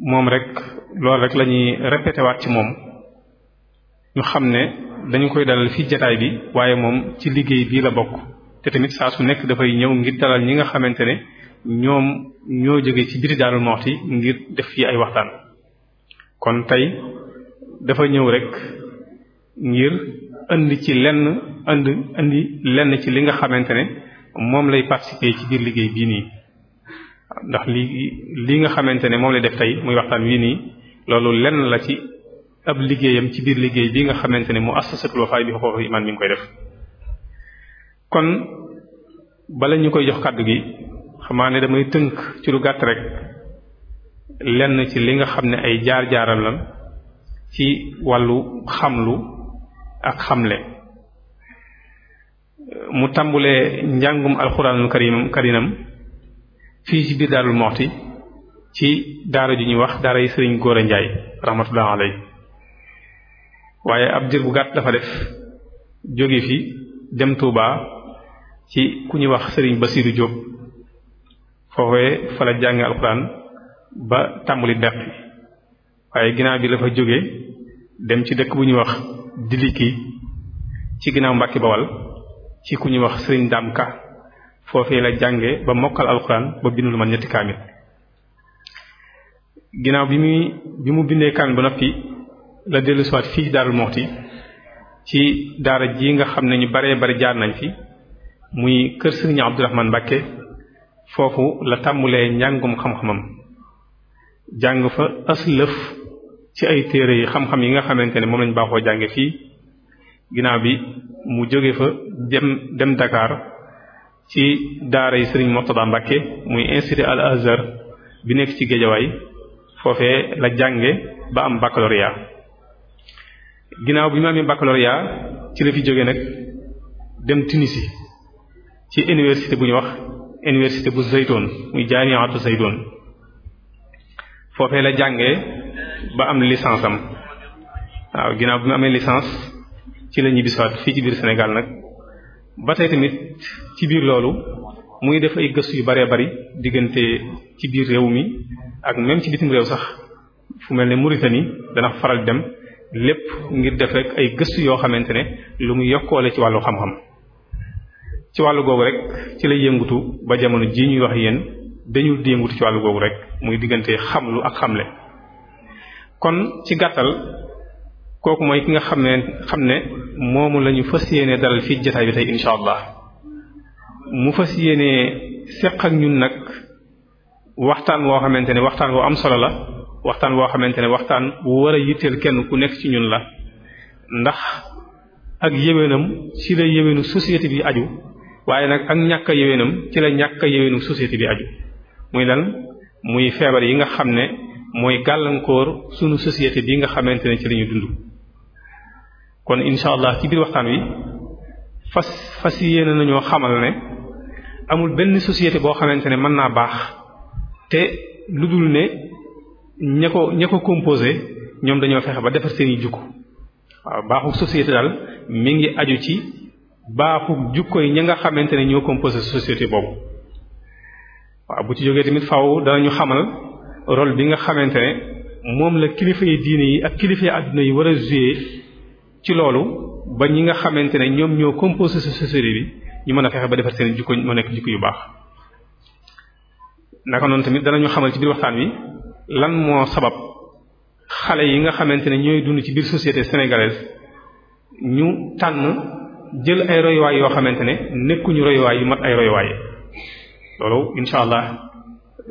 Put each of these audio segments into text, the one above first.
moom rek loolu rek lañuy ñuy waat ci moom ñu xam ne dañu koy dalal fii jataay bi waaye moom ci liggéey bii la bokk te tamit saa su nekk dafay ñëw ngir dalal ñi nga xamante ne ñoom ñoo jóge ci biti Daarul Muxti ngir def fii ay waxtaan kon tey dafa ñëw rek ngir indi ci lenn indi indi lenn ci li nga xamante ne moom lay participer ci biir liggéey bii nii ndax lii lii nga xamante ne moom la def tey muy waxtaan wii nii loolu lenn la ci ab liggéeyam ci biir liggéey bii nga xamante ne mu assasatul wafaay bi xuquuqul iman mi koy def kon bala ñu koy jox kàddu gi xamaa ne damay tënk ci lu gàtt rek lenn ci li nga xam ne ay jaar-jaaram la ci wàllu xamlu ak xamle mu tàmbulee njàngum alxuraanul karim karinam fii ci biir Darou Moukhty ci daara ju ñuy wax daara yi sëriñ Gora Ndiaye rahmatullah alay waaye ab diir bu gàtt dafa def jóge fi dem Touba ci ku ñuy wax sëriñ Basirou Diop foofee fa la jànge alxuraan ba tàmbali deq waaye ginnaaw bi dafa jóge dem ci dëkk bu ñuy wax Diliki ci ginnaaw Mbàkke Bawal ci ku ñuy wax sëriñ Damka foofee la jànge ba mokkal alxuraan ba bind lu man ñetti kaamil ginnaaw bi muy bi mu bindee kaamil ba noppi la dellu fii ci Daaru Muxti ci daara ji nga xam ne ñu baree bari jaar nañ fi muy kër Sëriñ Abdourahmane Mbàkke foofu la tàmbulee njàngum xam-xamam jàng fa aslëf ci ay téere yi xam-xam yi nga xamante ne moom lañ baaxoo jànge fii ginaaw bi mu jóge fa dem dem Dakar ci daara yi sëriñ Mourtada Mbacke muy institut al Azhar bi nekk ci géejawaay foofee la jànge ba am baccalauréat ginnaaw bi mu amee baccalauréat ci la fi jóge nag dem Tunisie ci université bu ñu wax université bu Zaytoun muy jaamiatu Zaytoun foofee la jànge ba am licence am waaw ginnaaw bi mu amee licence ci la ñibbisiwaat fii ci biir Sénégal nag ba tey tamit ci biir loolu muy def ay gëstu yu bëree bari diggante ci biir réew mi ak même ci bitim réew sax fu mel ne Mauritanie dana faral dem lépp ngir def rek ay gëstu yoo xamante ne lu mu yokkoole ci wàllu xam-xam ci wàllu googu rek ci lay yëngutu ba jamono jii ñuy wax yéen dañu di yëngutu ci wàllu googu rek muy diggante xamlu ak xamle kon ci gàttal kooku mooy ki nga xam ne xam ne moomu la ñu fas yéene dalal fii jataay bi tey incha allah mu fas yéene seq ak ñun nag waxtaan woo xamante ne waxtaan woo am solo la waxtaan woo xamante ne waxtaan bu war a yitteel kenn ku nekk ci ñun la ndax ak yéwénam ci la yéwénu société bi aju waaye nag ak ñàkk a yéwénam ci la ñàkk a yéwénu société bi aju muy lan muy feebar yi nga xam ne mooy gàllankoor sunu société bi nga xamante ne ci la ñu dund kon incha allah ci biir waxtaan wi fas fas yéene nañoo xamal ne amul benn société boo xamante ne mën naa baax te lu dul ne ña ko ña ko composé ñoom dañoo fexe ba defar seen i jukko waaw baaxug société daal mi ngi aju ci baaxug jukko yi ña nga xamante ne ñoo composé societé boobu waaw bu ci jógee tamit faw faaw ñu xamal rôle bi nga xamante ne moom la kilifa yi diine yi ak kilifa yi àdduna yi war a jouer ci loolu ba ñi nga xamante ne ñoom ñoo composé société bi ñu mën a fexe ba defar seen jikko mu nekk jikko yu baax naka noonu tamit danañu xamal ci biir waxtaan wi lan moo sabab xale yi nga xamante ne ñooy dund ci biir société sénégalaise ñu tànn jël ay royuwaay yoo xamante ne nekkuñu royuwaay yu mat ay royuwaay loolu incha allah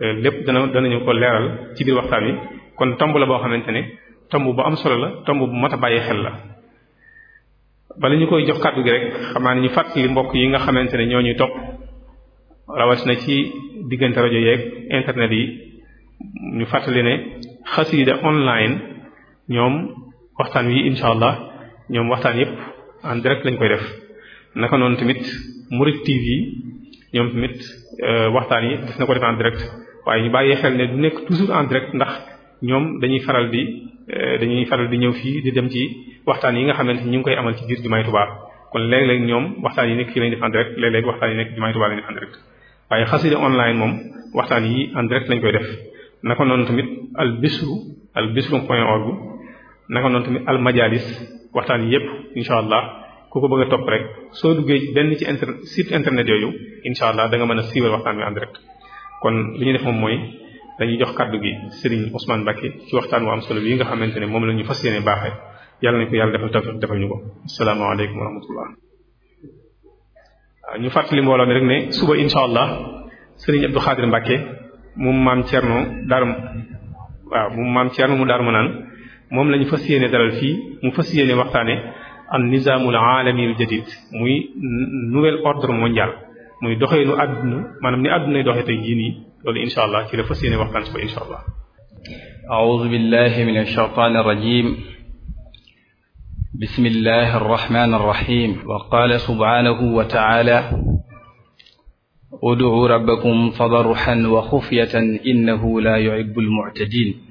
euh, lépp dana danañu ko leeral ci biir waxtaan wi kon tomb la boo xamante ne tomb bu am solo la tomb bu mat a bàyyi xel la. bala ñu koy jox kàddu gi rek xamaa ne ñu fàttali mbokk yi nga xamante ne ñoo ñuy topp rawat na ci diggante rajo yeeg internet yi ñu fàttali ne xasida online ñoom waxtaan wi incha allah ñoom waxtaan yépp en direct lañ koy def naka noonu tamit Murid TV ñoom tamit euh, waxtaan yi des na waaye ñu bàyyi xel ne du nekk toujours en direct ndax ñoom dañuy faral di euh, dañuy faral di ñëw fii di dem ci waxtaan yi nga xamante ñu ngi koy amal ci biir jumaay Tuubaa kon léeg-léeg ñoom waxtaan yi nekk fii lañu def en direct léeg-léeg waxtaan yi nekk jumaay Tuubaa lañu def en direct moom waxtaan yi en direct koy def naka noonu tamit al bisru al bisru point org naka noonu tamit al majalis waxtaan yi yépp allah ku ko bëgg a topp rek soo duggee benn ci internet site internet yooyu incha allah da mën a siiwal waxtaan bi en direct kon li ñu def moom mooy dañuy jox kàddu gi Serigne Ousmane Mbacké ci waxtaan wu am solo yi nga xamante ne moom la ñu fas yéene baaxee yàlla nañ ko yàlla defal tawfiq defal ñu ko asalaamaaleykum wa rahmatullah waaw ñu fàttali mbooloo mi rek ne suba incha allah sëriñ Abdou Khadir Mbacke mu maam Thierno Darou waaw moom maam Thierno mu Darou Manaan moom la ñu fas yéene dalal fii mu fas yéene waxtaane an nizaamul aalami al jadid muy nouvel ordre mondial muy doxeenu àdduna maanaam ni àddunay doxee tey jii nii loolu incha allah ci la fas yéene waxtaan suba incha allah. a'uuzu billahi minash shaytaanir rajiim bismillahi arrahmani irrahim wa qaala subhaanahu wa taala ud'uu rabbakum tadarruxan wa xufyatan innahu la yuhibbu almuctadin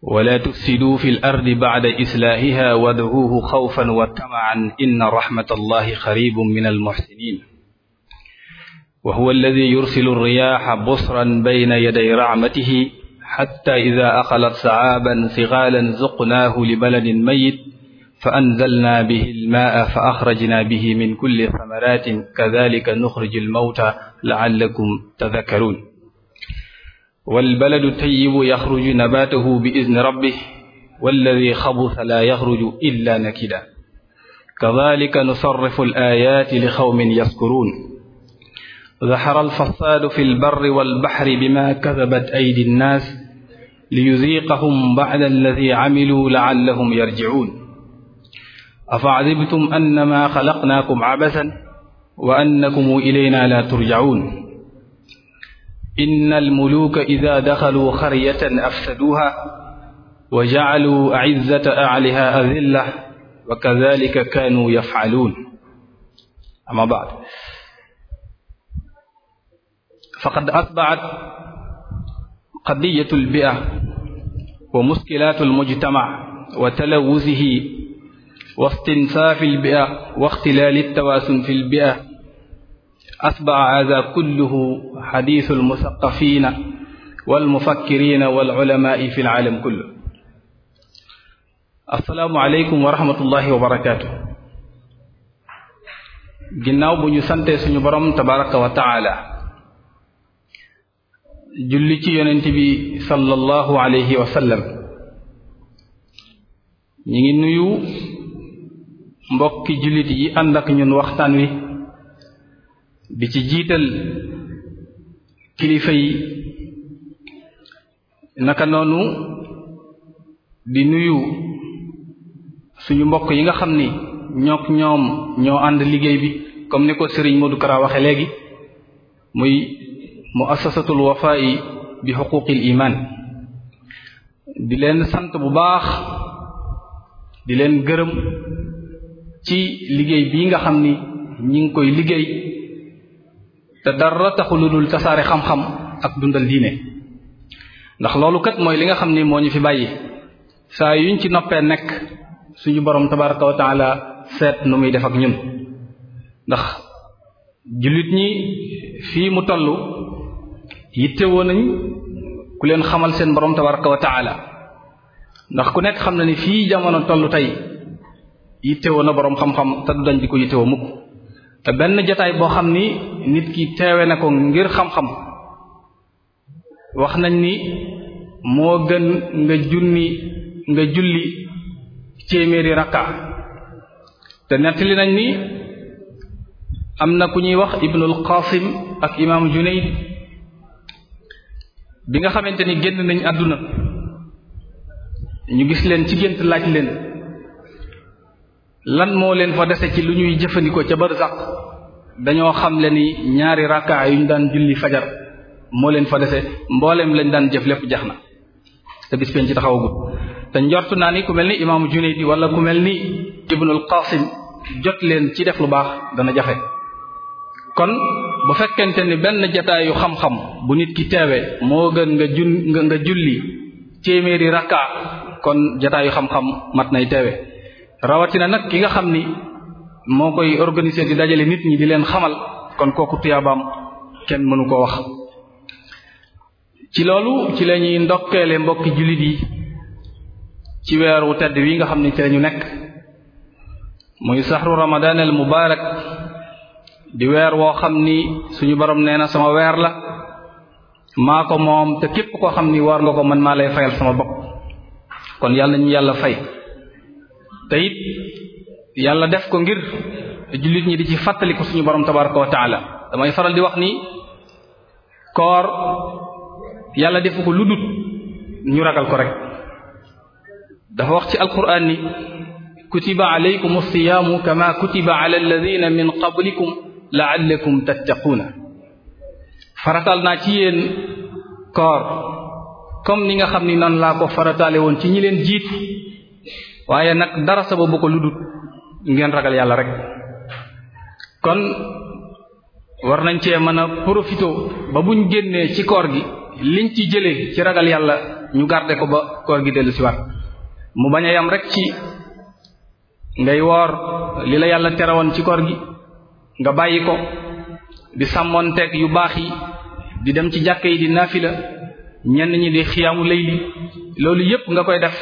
wala tufsiduu fi l ardi bacda islaahiha wadcuuhu xawfan wa tamacan inna raxmata allahi qaribun min almuxsinin wa huwa alladi yursilu arriyaaxa busran bayna yaday raxmatihi xatta ida axalat sacaaban siqaalan zuqnaahu li baladin mayit fa anzalnaa bihi almaa fa axrajnaa bihi min kulli samaratin kadalika nuxriju almawta laallakum tadakkaruun walbaladu tayibu yaxruju nabaatahu bi idni rabbih walladi xabusa laa yaxruju illa nakida kadalika nusarrifu alayaati li xawmin yaskuruun ظهر الفساد في البر والبحر بما كذبت أيدي الناس ليذيقهم بعد الذي عملوا لعلهم يرجعون أفعذبتم أنما خلقناكم عبثا وأنكم إلينا لا ترجعون إن الملوك إذا دخلوا قرية أفسدوها وجعلوا أعزة أعلها أذلة وكذلك كانوا يفعلون أما بعد فقد أتبعت qadiyatu lbia wa muskilatu almujtamac wa talawusihi wa istinsaafi lbia wa ixtilaali altawaasun fi lbia asbaca haada kulluhu xadiisu almusaqafiina walmufakkiriina walculamaai fi lcaalam kullu asalaamu aleykum wa rahmatullahi wa barakaatu ginnaaw bu ñu sante suñu borom tabaraka wa taala julli ci yonent bi sallallahu alayhi wa sallam ñu ngi nuyu mbokki jullit yi ànd ak ñun waxtaan wi di ci jiital kilifa yi naka noonu di nuyu suñu mbokk yi nga xam ni ñook ñoom ñoo ànd liggéey bi comme ni ko Serigne Modou Kara waxe léegi muy muassasatul wafaa'i bi xuquqil iman di leen sant bu baax di leen gërëm ci liggéey bii nga xam ni ñi ngi koy liggéey te dara taxu lu dul tasaare xam-xam ak dundal diine ndax loolu kat mooy li nga xam ni moo ñu fi bàyyi saa yuñ ci noppee nekk suñu boroom tabaraka wa seet nu muy def ak ñun ndax jullit ñi fii mu tollu yittewoo nañ ku leen xamal seen borom tabaraka wa taala ndax ku nekk xam na ni fii jamono toll tey yittewoo na boroom xam-xam te du dañ di ko yittewoo mukk te benn jataay boo xam ni nit ki teewe na ko ngir xam-xam wax nañ ni moo gën nga junni nga julli téeméeri rakka te nettali nañ ni am na ku ñuy wax ibnul qasim ak imam junayd bi nga xamante ni génn nañ àdduna ñu gis leen ci gént laaj leen lan moo leen fa dese ci lu ñuy jëfandikoo ca barzaq dañoo xam le ni ñaari rakka yu ñu daan julli fajar moo leen fa dese mbooleem lañ daan jëf lépp jax na te bis peen ci taxawagut te njortu naa ni ku mel ni imaamu Junaydi wala ku mel ni Ibnul Qasim jot leen ci def lu baax dana jafe kon bu fekkente ni benn jataayu xam-xam bu nit ki teewee moo gën nga jun nga julli téeméeri rakka kon jataayu xam-xam mat nay teewe rawatina nag ki nga xam ni moo koy organiser di dajale nit ñi di leen xamal kon kooku tuyaabaam kenn mënu ko wax ci loolu ci la ñuy ndokkeele mbokki jullit yi ci weer wu tedd wi nga xam ni ci la ñu nekk muy saxru ramadan al mubarak di weer woo xam ni suñu borom nee na sama weer la maa ko moom te képp koo xam ni war nga ko man maa lay fayal sama bopp kon yàlla nañu yàlla fay te yàlla def ko ngir jullit ñi di ci fàttaliku suñu borom tabaraka wa taala damay faral di wax ni koor yàlla defu ko lu dut ñu ragal ko rek dafa wax ci alquran ni kutiba alaykum alsiyaamu kama kutiba ala alladina min qablikum la'allakum tattaquuna faratal naa ci yéen koor comme ni nga xam ni nan laa ko farataale woon ci ñi leen jiit waaye nag dara sababu ko lu dul ngeen ragal yàlla rek kon war nañ cee mën a profité ba buñ génnee ci koor gi liñ ci jëlee ci ragal yàlla ñu garde ko ba koor gi dellu si waat mu bañ a yam rek ci ngay woor li la yàlla terawoon ci koor gi nga bàyyi ko di sàmmoon sàmmoonteeg yu baax yi di dem ci jàkka yi di la ñenn ñi di xiyaamu layli loolu yépp nga koy def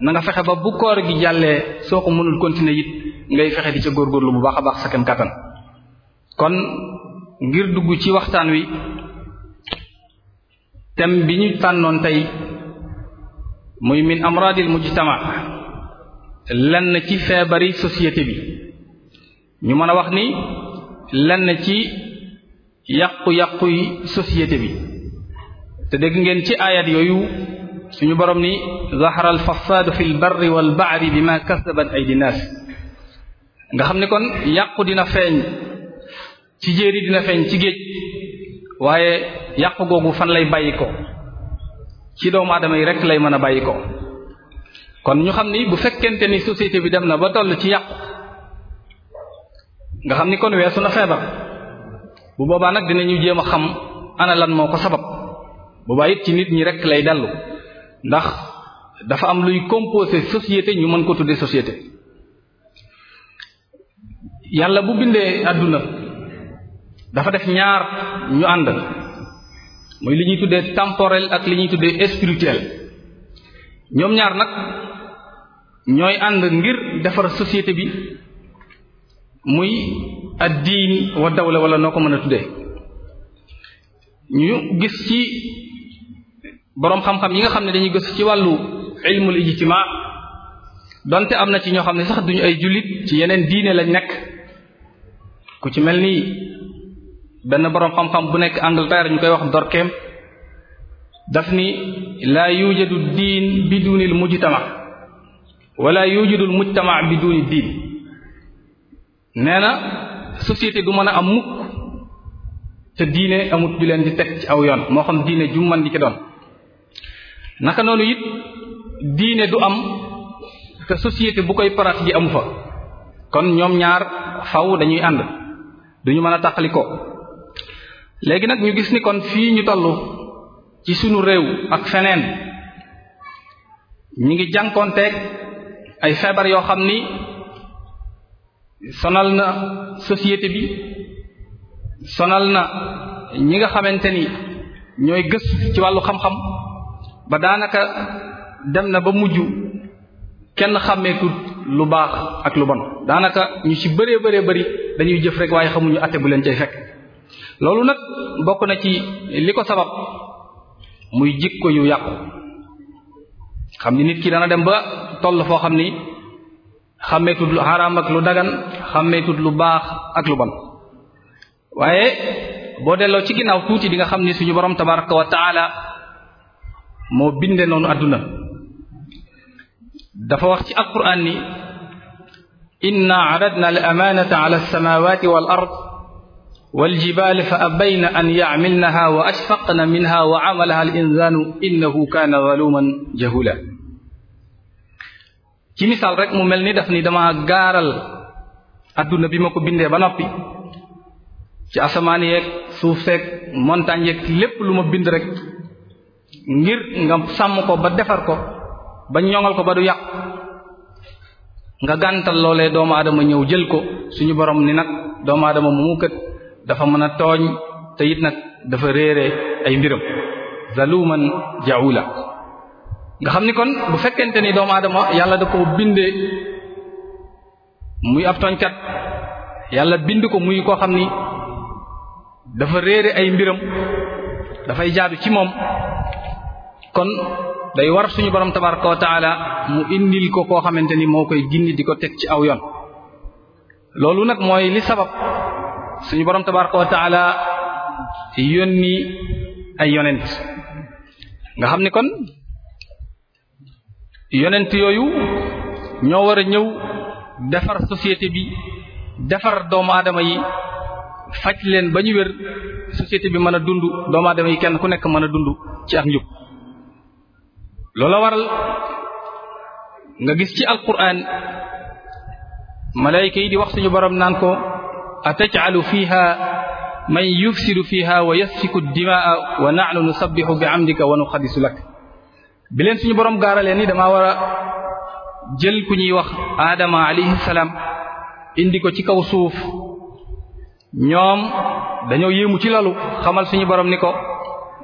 na nga fexe ba bu koor gi jàllee soo ko mënul continuer it ngay fexe di ca góorgóorlu bu baax a baax sa kem kattan kon ngir dugg ci waxtaan wi thème bi ñu tànnoon tey muy min amradil mujtama lenn ci feebari société bi ñu mën a wax ni lenn ci yàqu-yàqu yi société bi te dégg ngeen ci ayat yooyu suñu borom ni zahara al fasaadu fi l barri wal bahri bima kasabat ay naas nga xam ne kon yàqu dina feeñ ci jéeri dina feeñ ci géej waaye yàqu googu fan lay bàyyi ko ci doomu aadama yi rek lay mën a bàyyi ko kon ñu xam ni bu fekkente ni société bi dem na ba toll ci yàqu nga xam ni kon weesu na feebar bu boobaa nag dinañu jéem a xam ana lan moo ko sabab boobaa it ci nit ñi rek lay dellu ndax dafa am luy composé société ñu mën ko tuddee société yàlla bu bindee àdduna dafa def ñaar ñu ànd mooy li ñuy tuddee temporel ak li ñuy tuddee spirituel ñoom ñaar nag ñooy ànd ngir defar société bi muy ad diin wa dawla wala noo ko mën a tuddee ñu gis ci boroom xam-xam yi nga xam ne dañuy gis ci wàllu ilmul ijtimaa donte am na ci ñoo xam ne sax duñu ay jullit ci yeneen diine lañ nekk ku ci mel ni benn boroom xam-xam bu nekk Angleterre ñu koy wax Durkheim daf ni laa yujadu diin bi duunil mujtama wala yujadul mujtama bi duuni diin nee na société du mën a am mukk te diine amut ju leen di teg ci aw yoon moo xam diine ju man di ki doon naka noonu it diine du am te société bu koy parat ji amu fa kon ñoom ñaar faw dañuy ànd duñu mën a tàqali ko léegi nag ñu gis ni kon fii ñu toll ci sunu réew ak feneen ñi ngi jànkoonteeg ay feebar yoo xam ni sonal na société bi sonal na ñi nga xamante ni ñooy gës ci wàllu xam-xam ba daanaka dem na ba mujj kenn xàmmeetut lu baax ak lu bon daanaka ñu ci bëree bëree bëri dañuy jëf rek waaye xamuñu àtte bu leen cay fekk loolu nag bokk na ci li ko sabab muy jikko yu yàqu xam ni nit ki dana dem ba toll foo xam ni xàmmeetut lu xaraam ak lu dagan xàmmeetut lu baax ak lu bon waaye boo delloo ci ginnaaw tuuti di nga xam ni suñu borom tabaraka wa taala moo binde noonu àdduna dafa wax ci alquran ni inna aradna al amaanata ala alsamawati wal ard wal jibaali fa abayna an yacmilnaha wa ashfaqna minha wa camalaha al insaanu innahu kaana zaluman jahula ci misaal rek mu mel ni daf ni dama gaaral adduna bi ma ko bindee ba noppi ci asamaan yeeg suuf seeg montagne yeeg lépp lu ma bind rek ngir nga sàmm ko ba defar ko ba ñoŋal ko ba du yàqu nga gàntal loole doomu aadama ñëw jël ko suñu borom ni nag doomu aadama mu kët dafa mën a tooñ te nag dafa réere ay mbiram zaluman jaula nga xam ni kon bu fekkente ni doomu aadama yàlla da ko bindee muy ab tooñkat yàlla bind ko muy koo xam ni dafa réer ay mbiram dafay jaadu ci moom kon day war suñu borom tabaraka wa taala mu indil ko koo xamante ni moo koy gindi di ko teg ci aw yoon loolu nag mooy li sabab suñu borom tabaraka wa taala yónni ay yonent nga xam ni kon yonent yooyu ñoo war a ñëw defar société bi defar doomu aadama yi faj leen ba ñu wér société bi mën a dund doomu aadama yi kenn ku nekk mën a dund ci ak njub loola waral nga gis ci alquran malayka yi di wax suñu borom naan ko a atajcalu fiha man yufsidu fiha wa yasfiku dimaa wa nahnu nusabixu bi amdika wa nuqadisu lak bi suñu borom gaaralee ni damaa war a jël ku ñuy wax aadama alayhi salaam indi ko ci kaw suuf ñoom dañoo yéemu ci lalu xamal suñu borom ni ko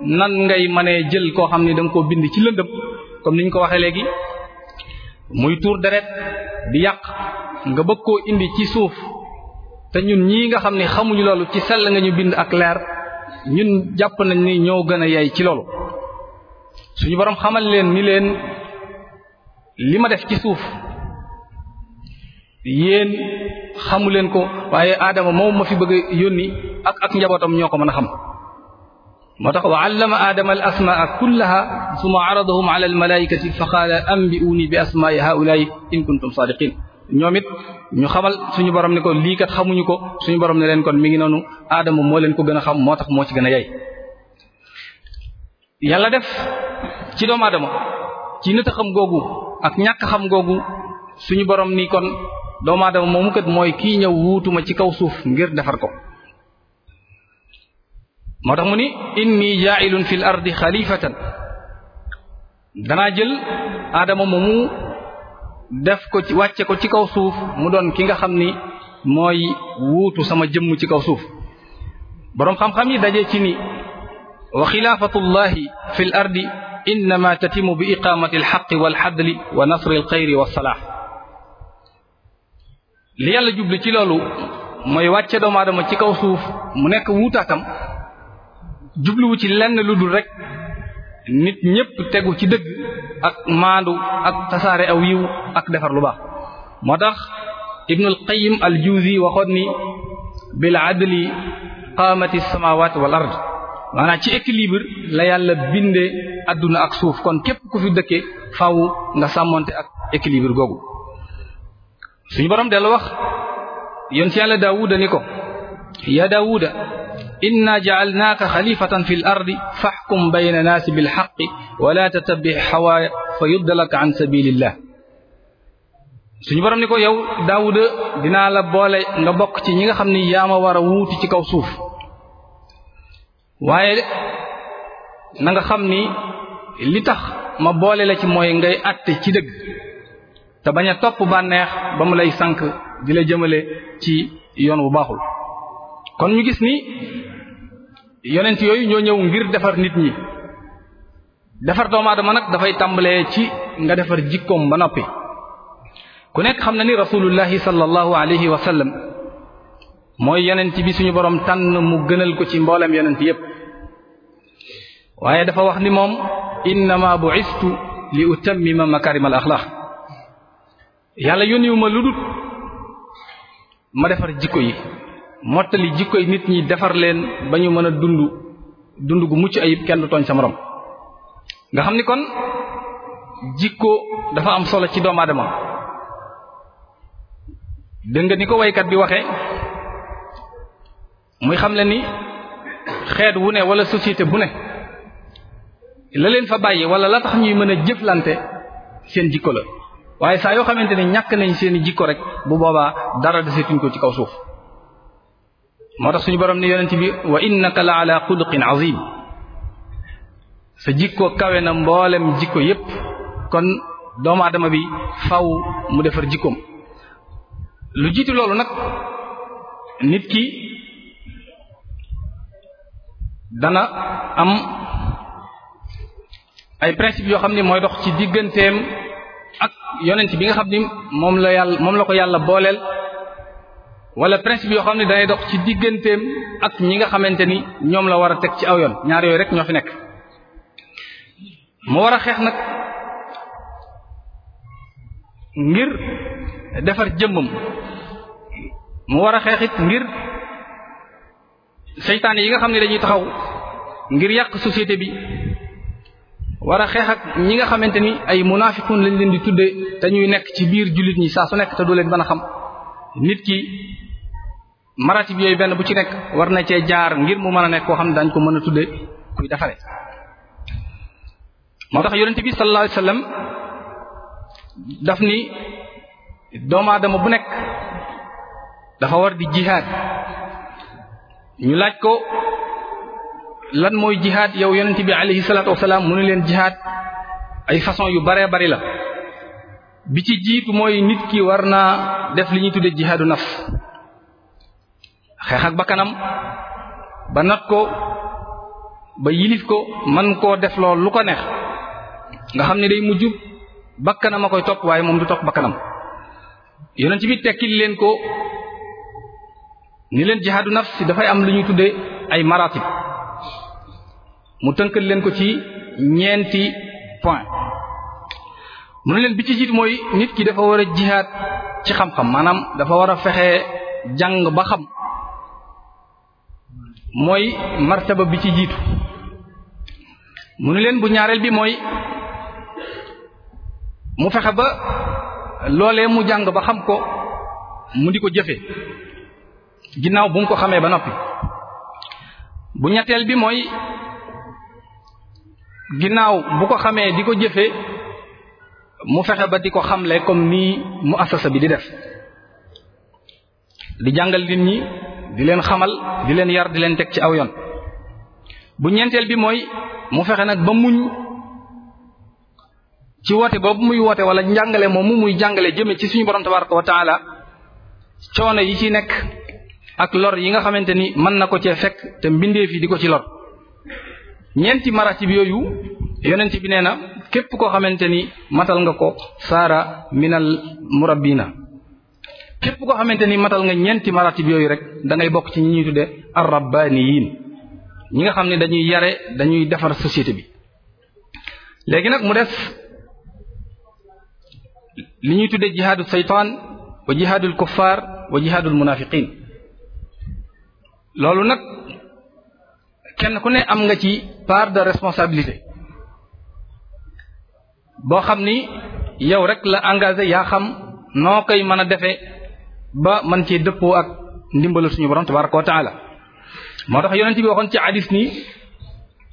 nan ngay mënee jël koo xam ni da ko bind ci lëndëm comme ni ko waxee léegi muy tuur deret di yàq nga bëgg koo indi ci suuf te ñun ñii nga xam ne xamuñu loolu ci sell nga ñu bind ak leer ñun jàpp nañ ni ñoo gën a yey ci loolu suñu boroom xamal leen ni leen li ma def ci suuf yéen xamu leen ko waaye aadama moom ma fi bëgg a yónni ak ak njabootam ñoo ko mën a xam moo tax wa allama aadama al asmaa kullaha summa aradahum ala al malaikati fa qaala ambi'uuni bi asmaai haulaai in kuntum saadiqin ñoom it ñu xamal suñu borom ne ko lii xamuñu ko suñu borom ne leen kon mi ngi noonu aadama moo leen ko gën a xam moo tax moo ci gën a yey yàlla def ci doomu aadama ci nit xam googu ak ñàkk xam googu suñu boroom ni kon doomu aadama moomu kat mooy kii ñëw wuutuma ci kaw suuf ngir defar ko moo tax mu ni inni ja'ilun fil ardi xalifatan danaa jël aadama moomu def ko ci wàcce ko ci kaw suuf mu doon ki nga xam ni mooy wuutu sama jëmm ci kaw suuf boroom xam-xam yi daje ci ni wa xilaafatullahi fil ardi innama tatimu bi iqamati alxaqi walxadli wa nasri alxayri walsalaah li yàlla jubli ci loolu mooy wàcce doomu aadama ci kaw suuf mu nekk wuutaatam jubluwu ci lenn lu dul rek nit ñëpp tegu ci dëgg ak maandu ak tasaare aw yiw ak defar lu baax moo tax ibnul qayim al juuzi waxoon ni bil adli qaamati samawat wal ard maanaam ci équilibre la yàlla bindee adduna ak suuf kon képp ku fi dëkke faaw nga sàmmonte ak équilibre googu suñu borom dellu wax yoon ci yàlla daawuda ni ko ya daawuda inna ja'alnaaka xalifatan fi l ardi faxkum bayna naasi bilxaqi wala tatabbi xawaaya fa yuddalaka an sabilillah suñu borom ni ko yow daawuda dinaa la boole nga bokk ci ñi nga xam ni yaa war a wuuti ci kaw suuf waaye na nga xam ni li tax ma boole la ci mooy ngay àtte ci dégg te bañ a topp bànneex ba mu lay sànq di la jëmale ci yoon wu baaxul kon ñu gis ni yonent yooyu ñoo ñëw ngir defar nit ñi defar doomu ma nag dafay tàmbalee ci nga defar jikkoom ba noppi ku nekk xam na ni rasulullahi sallallahu alayhi wa sallam mooy yeneen ci bi suñu borom tànn mu gënal ko ci yeneen yonent yépp waaye dafa wax ni moom innama bu'istu li utammima makarimal axlaq yàlla yónniwu ma lu dul ma defar jikko yi mottali jikko yi nit ñi defar leen ba ñu mën a dund dund gu mucc ayib kenn du tooñ sa morom nga xam ni kon jikko dafa am solo ci doomu aadama dégg nga ni ko waykat bi waxee muy xam le ni xeet wu ne wala société bu ne la fa bàyyi wala la tax ñuy mën a jëflante seen jikko la waaye saa yoo xamante ne ñàkk nañ seeni jikko rek bu boobaa dara desetuñ ko ci kaw suuf moo tax suñu borom ne yonent bi wa innaka la ala xuluqin azim sa jikko kawe na mboolem jikko yépp kon doomu aadama bi faw mu defar jikkoom lu jiitu loolu nag nit ki dana am ay principe yoo xam ni mooy dox ci digganteem ak yonent bi nga xam ni moom la yàlla moom la ko yàlla booleel wala principe yoo xam ne danay dox ci digganteem ak ñi nga xamante ni ñoom la war a teg ci aw yoon ñaar yooyu rek ñoo fi nekk mu war a xeex nag ngir defar jëmmam mu war a xeex it ngir seytaane yi nga xam ne dañuy taxaw ngir yàq société bi war a xeex ak ñi nga xamante ni ay munaafikuun lañ leen di tudde te ñuy nekk ci biir jullit ñi saa su nekk te du leen mën a xam nit ki maratib yooyu benn bu ci nekk war na cee jaar ngir mu mën a nekk koo xam ne dañ ko mën a tudde kuy defare moo tax yonente bi sallallahu alayhi wasallam daf ni doomu aadama bu nekk dafa war di jihaad ñu laaj ko lan mooy jihaad yow yonent bi alayhi salaatu wasalaam mu ni leen jihaad ay façon yu baree bari la bi ci jiitu mooy nit ki war naa def li ñuy tudde jihaadu naf xeex ak bakkanam ba not ko ba yilif ko man koo def lool lu ko neex nga xam ne day mujj bakkanam a koy topp waaye moom du topp bakkanam yonent bi tekkil leen ko ni leen jihaadu nafsi dafay am lu ñuy tuddee ay maratib mu tënkal leen ko ci ñeenti point mu ne leen bi ci jiit mooy nit ki dafa war a jihaad ci xam-xam maanaam dafa war a fexe jàng ba xam mooy ba bi ci jiitu mu ne leen bu ñaareel bi mooy mu fexe ba loole mu jàng ba xam ko mu di ko jëfe ginnaaw bu mu ko xamee ba noppi bu ñetteel bi mooy ginnaaw bu ko xamee di ko jëfee mu fexe ba di ko xamle comme nii mu asasa bi di def di jàngal nit ñi di leen xamal di leen yar di leen teg ci aw yoon bu ñeenteel bi mooy mu fexe nag ba muñ ci woote boobu muy woote wala njàngale moomu muy jàngale jëme ci suñu borom tabaraka wa taala coono yi ci nekk ak lor yi nga xamante ni mën na ko cee fekk te mbindeef yi di ko ci lor ñeenti maratib yooyu yonent bi nee na képp koo xamante ni matal nga ko saara minal na képp koo xamante ni matal nga ñeenti maratib yooyu rek da bokk ci ñi ñuy tudde arrabbaniyin ñi nga xam ne dañuy yare dañuy defar société bi léegi nag mu des li ñuy tudde jihaadu saytaan wa jihaadul kuffaar wa jihaadul munaafiqiin loolu nag kenn ku ne am nga ci part de responsabilité boo xam ni yow rek la engage yaa xam noo koy mën a defe ba mën cee dëppoo ak ndimbalu suñu borom tabaraka wa moo tax yonent bi waxoon ci hadis ni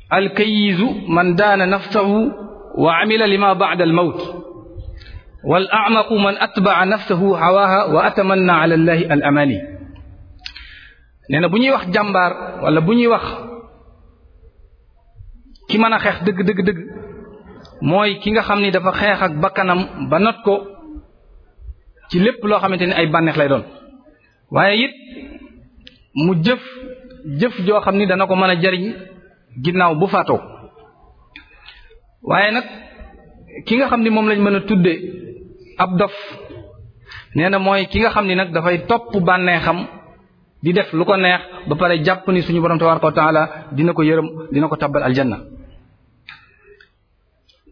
alkayisu man daana nafsahu wa amila lima baada al mawt wal amaqu man atbaa nafsahu hawaha wa atamanna ala allahi al amani nee na bu ñuy wax jàmbaar wala bu ñuy wax ki mën a xeex dëgg dëgg dëgg mooy ki nga xam ni dafa xeex ak bakkanam ba not ko ci lépp loo xamante ni ay bànneex lay doon waaye it mu jëf jëf joo xam ni dana ko mën a jariñ ginnaaw bu faatoo waaye nag ki nga xam ni moom lañ mën a tudde ab dof nee na mooy ki nga xam ni nag dafay topp bànneexam di def lu ko neex ba pare jàpp ni suñu borom tabaraka wa taala dina ko yërëm dina ko tabbal aljanna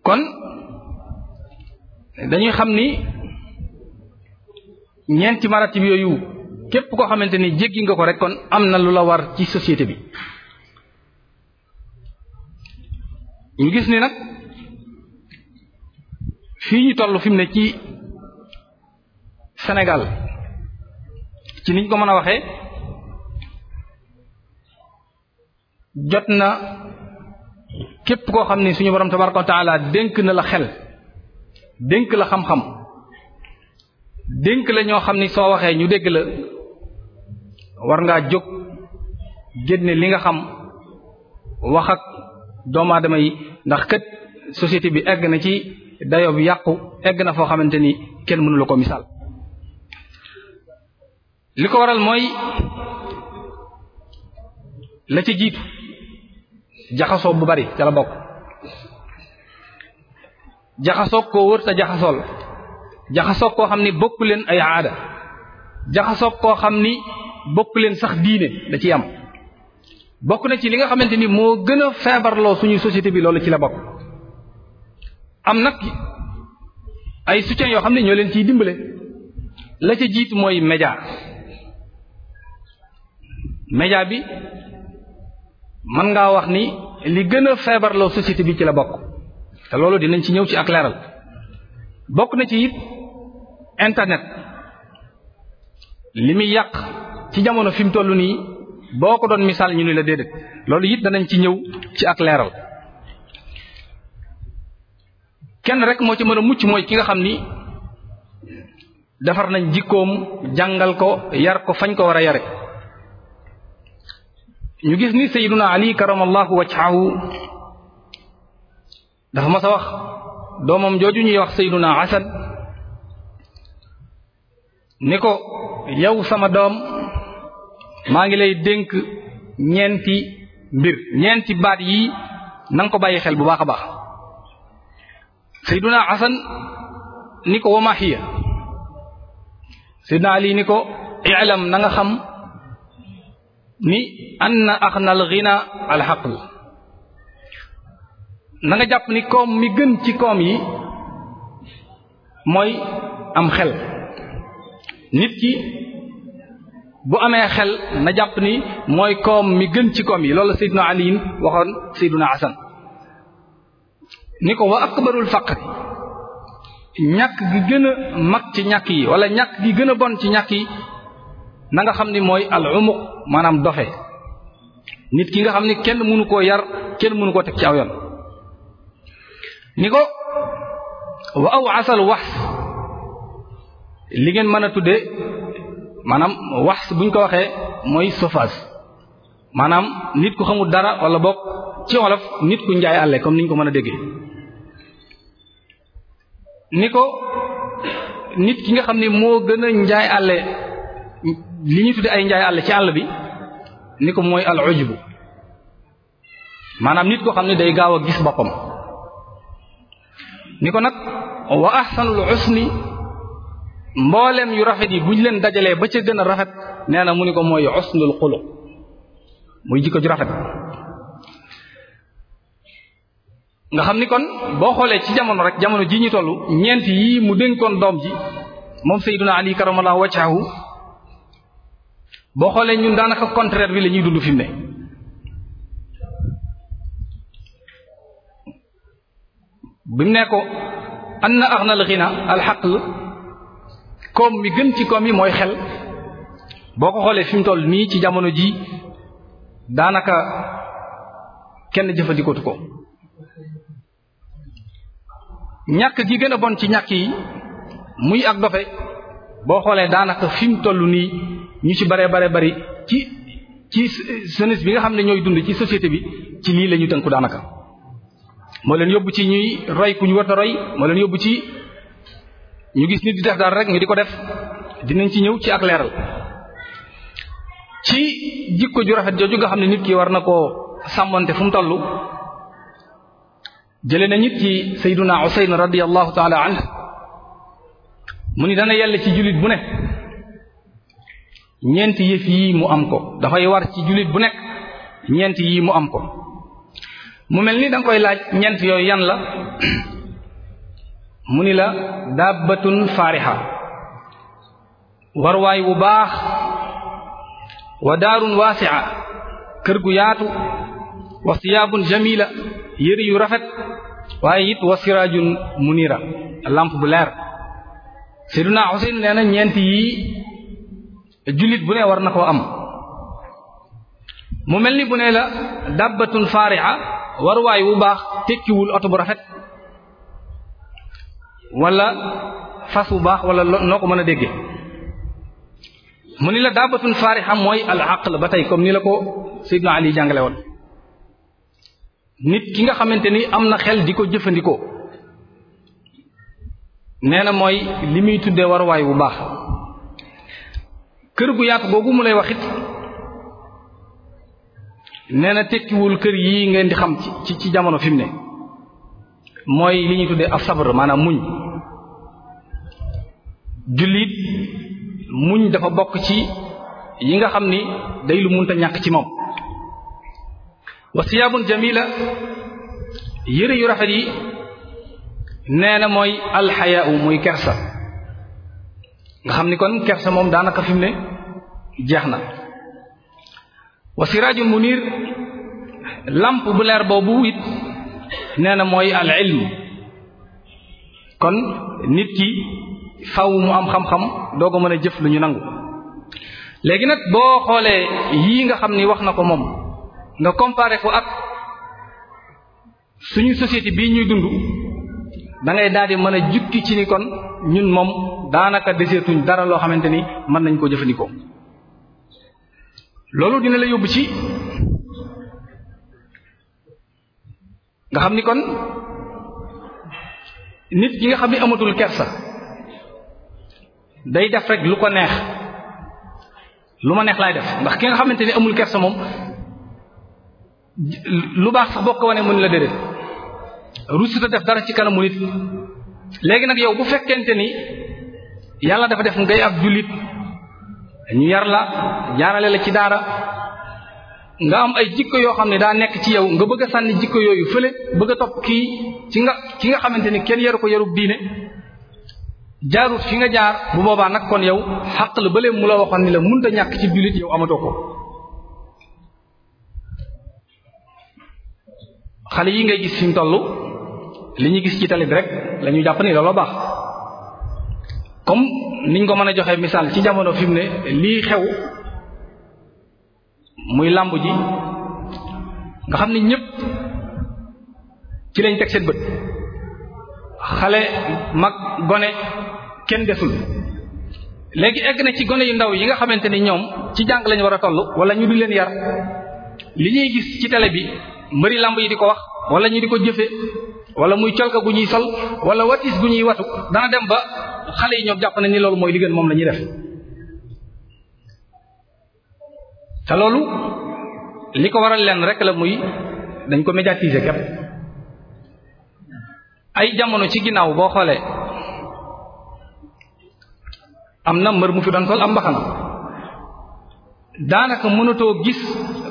kon dañuy xam ni ñeenti maratib yooyu képp koo xamante ni jéggi nga ko rek kon am na lu la war ci société bi ñu gis ni nag fii ñu toll fi mu ne ci senegal ci niñ ko mën a waxee jot na képp koo xam ni suñu borom tabaraka wa taala dénk na la xel dénk la xam-xam dénk la ñoo xam ni soo waxee ñu dégg la war ngaa jóg génne li nga xam wax ak doomu aadama yi ndax kët société bi egg na ci dayo bi yàqu egg na foo xamante ni kenn mënula ko misaal li ko waral mooy la ci jiitu jaxasoo bu bari ca la bokk jaxasoog koo wër ta jaxasool koo xam ni bokku leen ay aada jaxasoog koo xam ni bokk leen sax diine da ci am bokk na ci li nga xamante ni moo gën a feebarloo suñu société bi loolu ci la bokk am nag ay soutien yoo xam ne ñoo leen ciy dimbale la ca jiitu mooy média média bi man ngaa wax ni li gën a feebarloo société bi ci la bokk te loolu dinañ ci ñëw ci ak leeral bokk na ci it internet li muy yàq ci jamono fi mu toll nii boo ko doon misaal ñu ni la déedéet loolu it danañ ci ñëw ci ak leeral kenn rek moo ci mën a mucc mooy ki nga xam ni defar nañ jikkoom jàngal ko yar ko fañ ko war a yare ñu gis ni sayyiduna ali karamallahu wajhahu dafa mas a wax doomam jooju ñuy wax sayyiduna hasan ni ko sama doom maa ngi lay dénk ñeenti mbir ñeenti baat yi na ko bàyyi xel bu baax a baax sayyiduna hasan ni ko wa ali ni ko i'lam na nga xam ni anna axnal ghina alxaql na jàpp ni koom mi gën ci koom yi mooy am xel nit ki bu amee xel na jàpp ni mooy koom mi gën ci koom yi loolu sayyiduna Ali waxoon sayyiduna Hasan ni ko wa akbarul faqr ñàkk gi gën mag ci ñàkk yi wala ñàkk gi gën a bon ci ñàkk yi nanga xam ni mooy al umuq maanaam dofe nit ki nga xam ni kenn mënu koo yar kenn mënu koo teg ci aw yoon ni ko wa asal wax li ngeen mën a tudde maanaam wax buñ ko waxee mooy sofaas maanaam nit ku xamul dara wala bokk ci olof nit ku njaay àlle comme niñ ko mën a déggee ni ko nit ki nga xam ni moo gën a njaay àlle li ñu tudde ay njaay àll ci àll bi ni ko mooy al ujbu maanaam nit koo xam ne day gaaw a gis boppam ni ko nag wa ahsanul husni mboolem yu rafet yi buñ leen dajalee ba ca gën a rafet nee na mu ni ko mooy husnul xuluq muy jikko ju rafet nga xam ni kon boo xoolee ci jamono rek jamono ji ñu toll ñeent yii mu dénkoon doom ji moom sayyiduna ali karamallahu wajhahu boo xoolee ñun daanaka contraire bi lañuy ñuy dund fi mu ne bi mu ne ko an na ax na la xina alxaql koom mi gën ci koom yi mooy xel boo ko xoolee fi mu toll nii ci jamono ji daanaka kenn jëfandikootu ko ñàkk gi gën bon ci ñàkk yi muy ak dofe boo xoolee daanaka fi mu toll nii ñu ci bare bare bari ci ci bi nga xam ne ñooy dund ci société bi ci lii la ñu tënku daanaka moo leen yóbbu ci ñuy roy ku ñu war roy moo leen yóbbu ci ñu gis nit di def rek ñu di ko def dinañ ci ñëw ci ak leeral ci jikko ju rafet jooju nga xam ne nit ki war na koo sàmmante fu mu toll jëlee na nit ci sayyiduna Usayn radiyallahu ta'ala anhu mu ni dana yell ci jullit bu ne ñeenti yëf yii mu am ko dafay war ci jullit bu nekk ñeenti yii mu am ko mu mel ni danga koy laaj ñeent yooyu yan la mu ni la dàbbatun faarixa warwaay wu baax wa daarun waasi'a kër gu yaatu wa siyaabun jamila yëri yu rafet waaye it wa siraajun munira lamp bu leer Seydina Xuseyn nee na ñeent yi jullit bu ne war na koo am mu mel ni bu ne la dabbatun faariha waruwaay wu baax tekkiwul oto bu rafet wala fas wu baax wala noo ko mën a dégge mu ni la dabbatun faariha mooy al la ba tey comme ni la ko Seydina Ali jàngale woon nit ki nga xamante ni am na xel di ko jëfandikoo nee na mooy li muy tuddee waruwaay bu baax kër gu yaatu googu mu lay wax it na tekkiwul kër yi ngeen di xam ci ci jamono fi ne mooy li ñu tuddee ab sabar maanaam muñ jullit muñ dafa bokk ci yi nga xam ni day lu munta ñàkk ci moom wa jamila yëre yu rafet yi nee na mooy alxayaau muy kersa nga xam ni kon kersa moom daanaka fi mu ne jeex na wa siraajul munir lamp bu leer boobu it nee na mooy al ilm kon nit ki faw mu am xam-xam doo ko mën jëf lu ñu nangu léegi nag boo xoolee yii nga xam ni wax na ko moom nga comparé ko ak suñu société bii ñuy dund da ngay daal di mën a jukki ci ni kon ñun moom daanaka deseetuñ dara loo xamante ni mën nañ koo jëfandikoo loolu dina la yóbbu ci nga xam ni kon nit ki nga xam ni amatul kersa day def rek lu ko neex lu ma neex laay def ndax ki nga xamante ni amul kersa moom lu baax sax boo ko wanee mën la déedéet rusuta def dara ci kanamu nit léegi nag yow bu fekkente ni yàlla dafa def ngay ak jullit ñu yar la jaarale la ci daara nga am ay jikko yoo xam ne daa nekk ci yow nga bëgg sànni jikko yooyu fële bëgg a topp kii ci nga ki nga xamante ni kenn yaru ko yarub diine jaarut fi nga jaar bu boobaa nag kon yow xaq la bële mu la waxoon ni la mënta ñàkk ci jullit yow amatoo ko xale yi ngay gis fi mu toll li ñu gis ci tali bi rek la ñu jàpp ni looloo baax comme niñ ko mën a joxe misaal ci jamono fi ne lii xew muy làmb ji nga xam ni ñépp ci lañ teg seen bët xale mag gone kenn desul léegi egg na ci gone yu ndaw yi nga xamante ni ñoom ci jàng lañu war a toll wala ñu di leen yar li ñuy gis ci télé bi mbëri làmb yi di ko wax wala ñu di ko jëfe wala muy colka gu ñuy sol wala watis gu ñuy watu dana dem ba xale yi ñoom jàpp nañ ni loolu mooy li gën moom la ñuy def te loolu li ko waral leen rek la muy dañ ko médiatiser képp ay jamono ci ginnaaw boo xoolee am na mbër mu fi doon sol am mbaxana daanaka mënatoo gis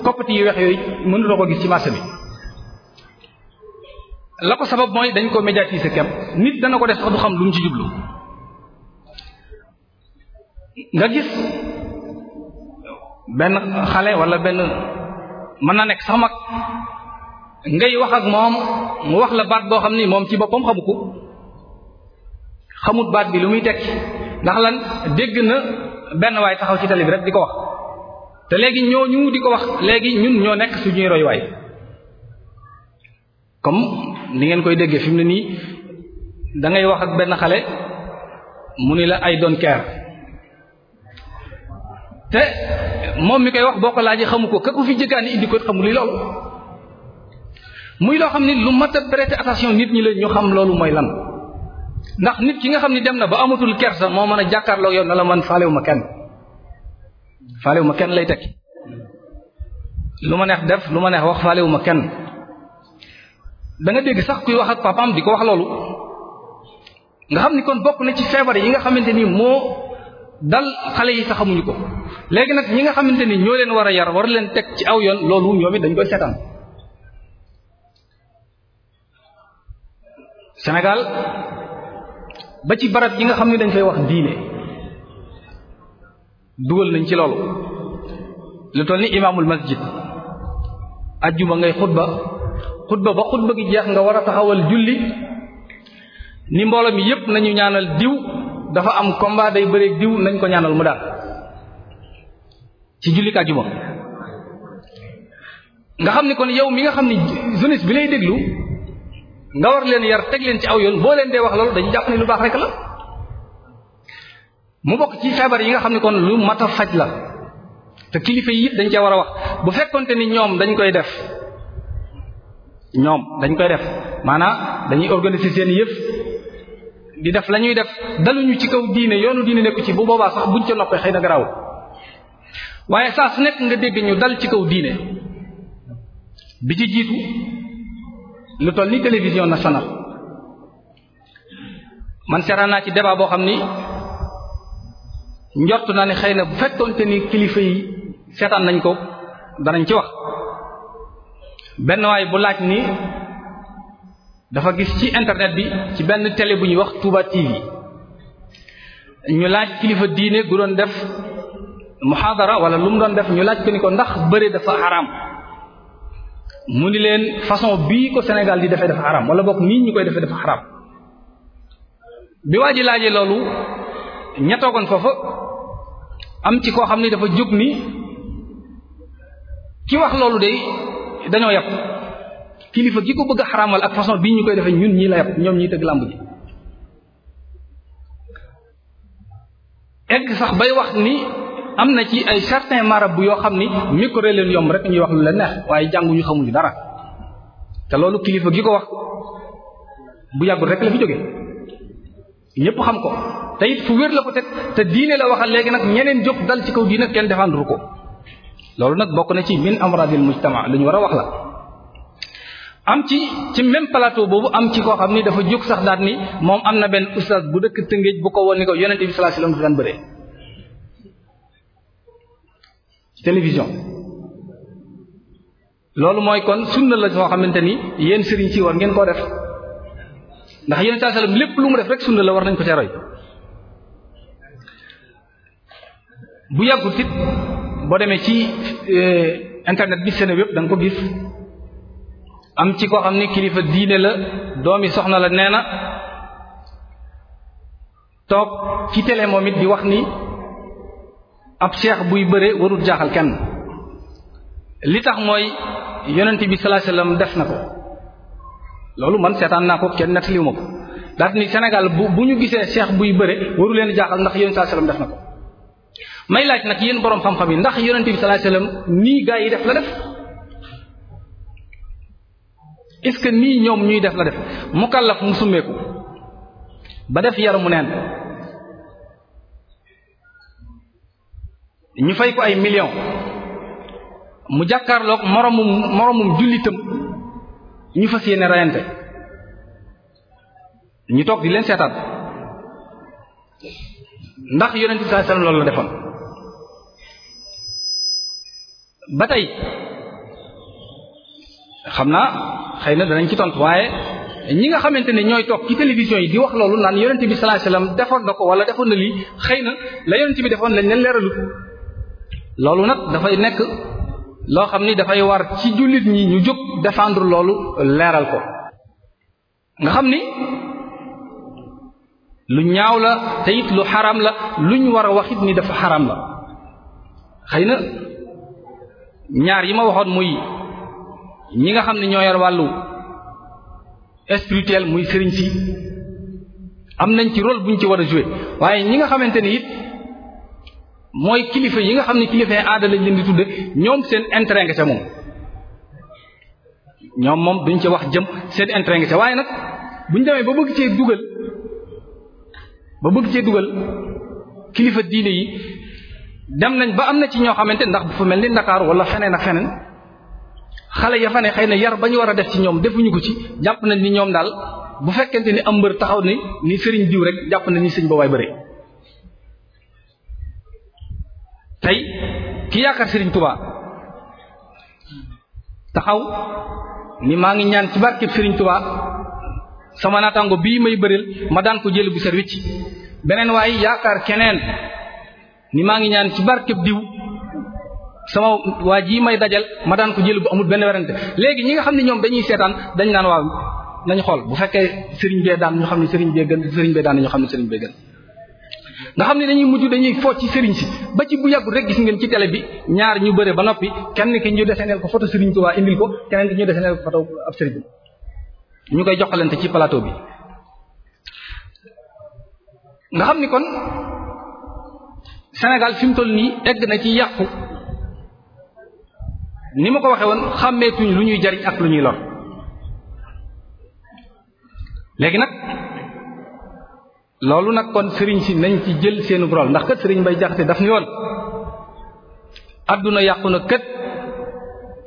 koppati yu weex yooyu mënatoo ko gis ci marché bi la ko sabab mooy dañ ko médiatiser kem nit dana ko def sax du xam lu mu ci jublu nga gis benn xale wala benn mën na nekk sax mag ngay wax ak moom mu wax la baat boo xam ni moom ci boppam xamu ko xamut baat bi lu muy tekki ndax la dégg na benn waay taxaw ci tali bi rek di ko wax te léegi ñooñu di ko wax léegi ñun ñoo nekk suñuy royuwaay comme ni ngeen koy déggee fi mu ne nii da ngay wax ak benn xale mu ni la ay doon care te moom mi koy wax boo ko laajee xamu ko ka ku fi jëgaani indi ko xamu li loolu muy loo xam ni lu mat a prêter attention nit ñi la ñu xam loolu mooy lan ndax nit ki nga xam ni dem na ba amatul kersa moo mën a jàkkaarloo yoon na la man faalewu ma kenn faalewu ma kenn lay tekki lu ma neex def lu ma neex wax faalewu ma kenn da nga dégg sax kuy wax ak papaam di ko wax loolu nga xam ni kon bokk na ci feebar yi nga xamante ni moo dal xale yi sax xamuñu ko léegi nag ñi nga xamante ni ñoo leen war a yar war leen teg ci aw yoon loolu ñoom it dañ koy seetaan senegal ba ci barab yi nga xam ne dañ fay wax diine dugal nañ ci loolu lu toll ni imaamul masjid ajjuma ngay xutba xutba ba xutba gi jeex nga war a taxawal julli ni mbooloo mi yépp nañu ñaanal diw dafa am combat day bëreeg diw nañ ko ñaanal mu daal ci julli àjjuma nga xam ni kon yow mi nga xam ni jeunesse bi lay déglu nga war leen yar teg leen ci aw yoon boo leen dee wax loolu dañu jàpp ne lu baax rek la mu bokk ci feebar yi nga xam ni kon lu mat la te kilifa yi dañ cee war a wax bu fekkonte ni ñoom dañ koy def ñoom dañ koy def maanaam dañuy organiser seen yëf di def la ñuy def daluñu ci kaw diine yoonu diine nekku ci bu boobaa sax buñ ca noppee xëy na garaawul waaye saa su nekk nga dégg ñu dal ci kaw diine bi ci jiitu lu toll ni télévision nationale man seetaan naa ci débat boo xam ni njort naa ne xëy na bu fekkoonte ni kilifa yi seetaan nañ ko danañ ci wax benn waay bu laaj ni dafa gis ci internet bi ci benn télé bu ñuy wax tuubaat TV ñu laaj kilifa diine gu doon def muhaadara wala lu mu doon def ñu laaj ko ni ko ndax bëre dafa xaraam mu ni leen façon bi ko senegal di defe dafa xaraam wala bokk nii ñu koy defee dafa xaraam bi waa ji laajee loolu ña toogoon foofa am ci koo xam ni dafa jóg ni ki wax loolu de dañoo yàpp kilifa gi ko bëgg a ak façon bii ñu koy defee ñun ñi la yàpp ñoom ñii tëgg làmb ji egg sax bay wax ni am na ci ay certains bu yoo xam ni micro leen yomb rek ñuy wax lu leen neex waaye jànguñu xamuñu dara te loolu kilifa gi ko wax bu yàggul rek la fi jóge ñépp xam ko te it fu wér la ko teg te diine la waxal léegi nag ñeneen jóg dal ci kaw diine kenn défendre ko loolu nag bokk na ci min amradil mujtama lu ñu war a wax la am ci ci même plateau boobu am ci koo xam ni dafa jóg sax daat ni moom am na benn ustaas bu dëkk tëngéej bu ko woon ni ko yonent bi sallallahu alayhi wasallam daan bëree télévision loolu mooy kon sunna la soo xamante ni yéen sëriñ si war ngeen koo def ndax yenn sallallahu alayhi lépp lu mu def rek sunna la war nañ ko ca bu yàggut it boo demee ci euh, internet bi Sénégal yépp danga ko gis am ci koo xam ni kilifa diine la doomi soxna la nee na toog ci télé moom it di wax ni ab cheikh buy bëre warul jaaxal kenn li tax mooy yonent bi sallallahu alayhi def na ko loolu man seetaan naa ko kenn nettaliwuma ko daat ni senegal bu bu ñu gisee cheikh buy bëre waru leen jaaxal ndax yonent sallallahu alayhi def na ko may laaj nag yéen boroom xam-xam yi ndax yonente bi sallallahu alayhi wasallam nii gaa yi def la def est-ce que nii ñoom ñuy def la def mu mukallaf mu summeeku ba def mu neen ñu fay ko ay million mu jàkkaarloog moromum moromum jullitam ñu fas yéene rayante ñu toog di leen seetaan ndax yonente bi sallallahu loolu la defoon ba tey xam naa xëy na danañ ci tontu waaye ñi nga xamante ne ñooy toog ci télévision yi di wax loolu naan yonente bi sallallahu alayhi defoon na ko wala defoon na lii xëy na la yonente bi defoon lañ la leeralu loolu nag dafay nekk loo xam ni dafay war ci jullit ñi ñu jóg défendre loolu leeral ko nga xam ni lu ñaaw la te it lu xaram la luñ war a wax it ni dafa xaram la xëy na ñaar yi ma waxoon muy ñi nga xam ne ñoo yor wàllu spirituel muy sëriñ si am nañ ci rôle buñ ci war a jouer waaye ñi nga xamante ni it mooy kilifa yi nga xam ne kilifa aada lañ leen di tudde ñoom seen intérêt nga ca moom ñoom moom duñ ci wax jëm seen intérêt nga ca waaye nag buñ demee ba bëgg cee dugal ba bëgg cee dugal kilifa diine yi dem nañ ba am na ci ñoo xamante ndax bu fa mel ni Ndakaaru wala feneen ak feneen xale ya fa ne xëy na yar ba ñu war a def ci ñoom defuñu ko ci jàpp nañ ni ñoom daal bu fekkente ni am mbër taxaw ni ni sëriñ diw rek jàpp nañ ni sëñ boobaay bëre. tey ki yaakaar sëriñ Touba taxaw ni maa ngi ñaan ci barkeb sëriñ Touba sama naataango bii may bëril ma daan ko jël bu set beneen waaye yaakaar keneen. ni maa ngi ñaan ci barkeb diw sama waa ji may dajal ma daan ko jël bu amul benn werante léegi ñi nga xam ne ñoom dañuy seetaan dañ naan waaw nañu xool bu fekkee sëriñ bee daan ñu xam ne sëriñ bee gën sëriñ bee daan ñu xam ne sëriñ bee nga xam ne dañuy mujj dañuy fo ci sëriñ si ba ci bu yàggul rek gis ngeen ci télé bi ñaar ñu bëre ba noppi kenn ki ñu deseneel ko photo sëriñ Tuubaa indil ko keneen ki ñu deseneel ko photo ab sëriñ ñu koy joxalante ci plateau bi nga xam ni kon senegal fi mu toll nii egg na ci yàqu ni ma ko waxee woon xàmmeetuñ lu ñuy jariñ ak lu ñuy lor léegi nag loolu nag kon sëriñ si nañ ci jël seenu rôle ndax kat sëriñ bay jaxate daf ni woon adduna yàqu na kët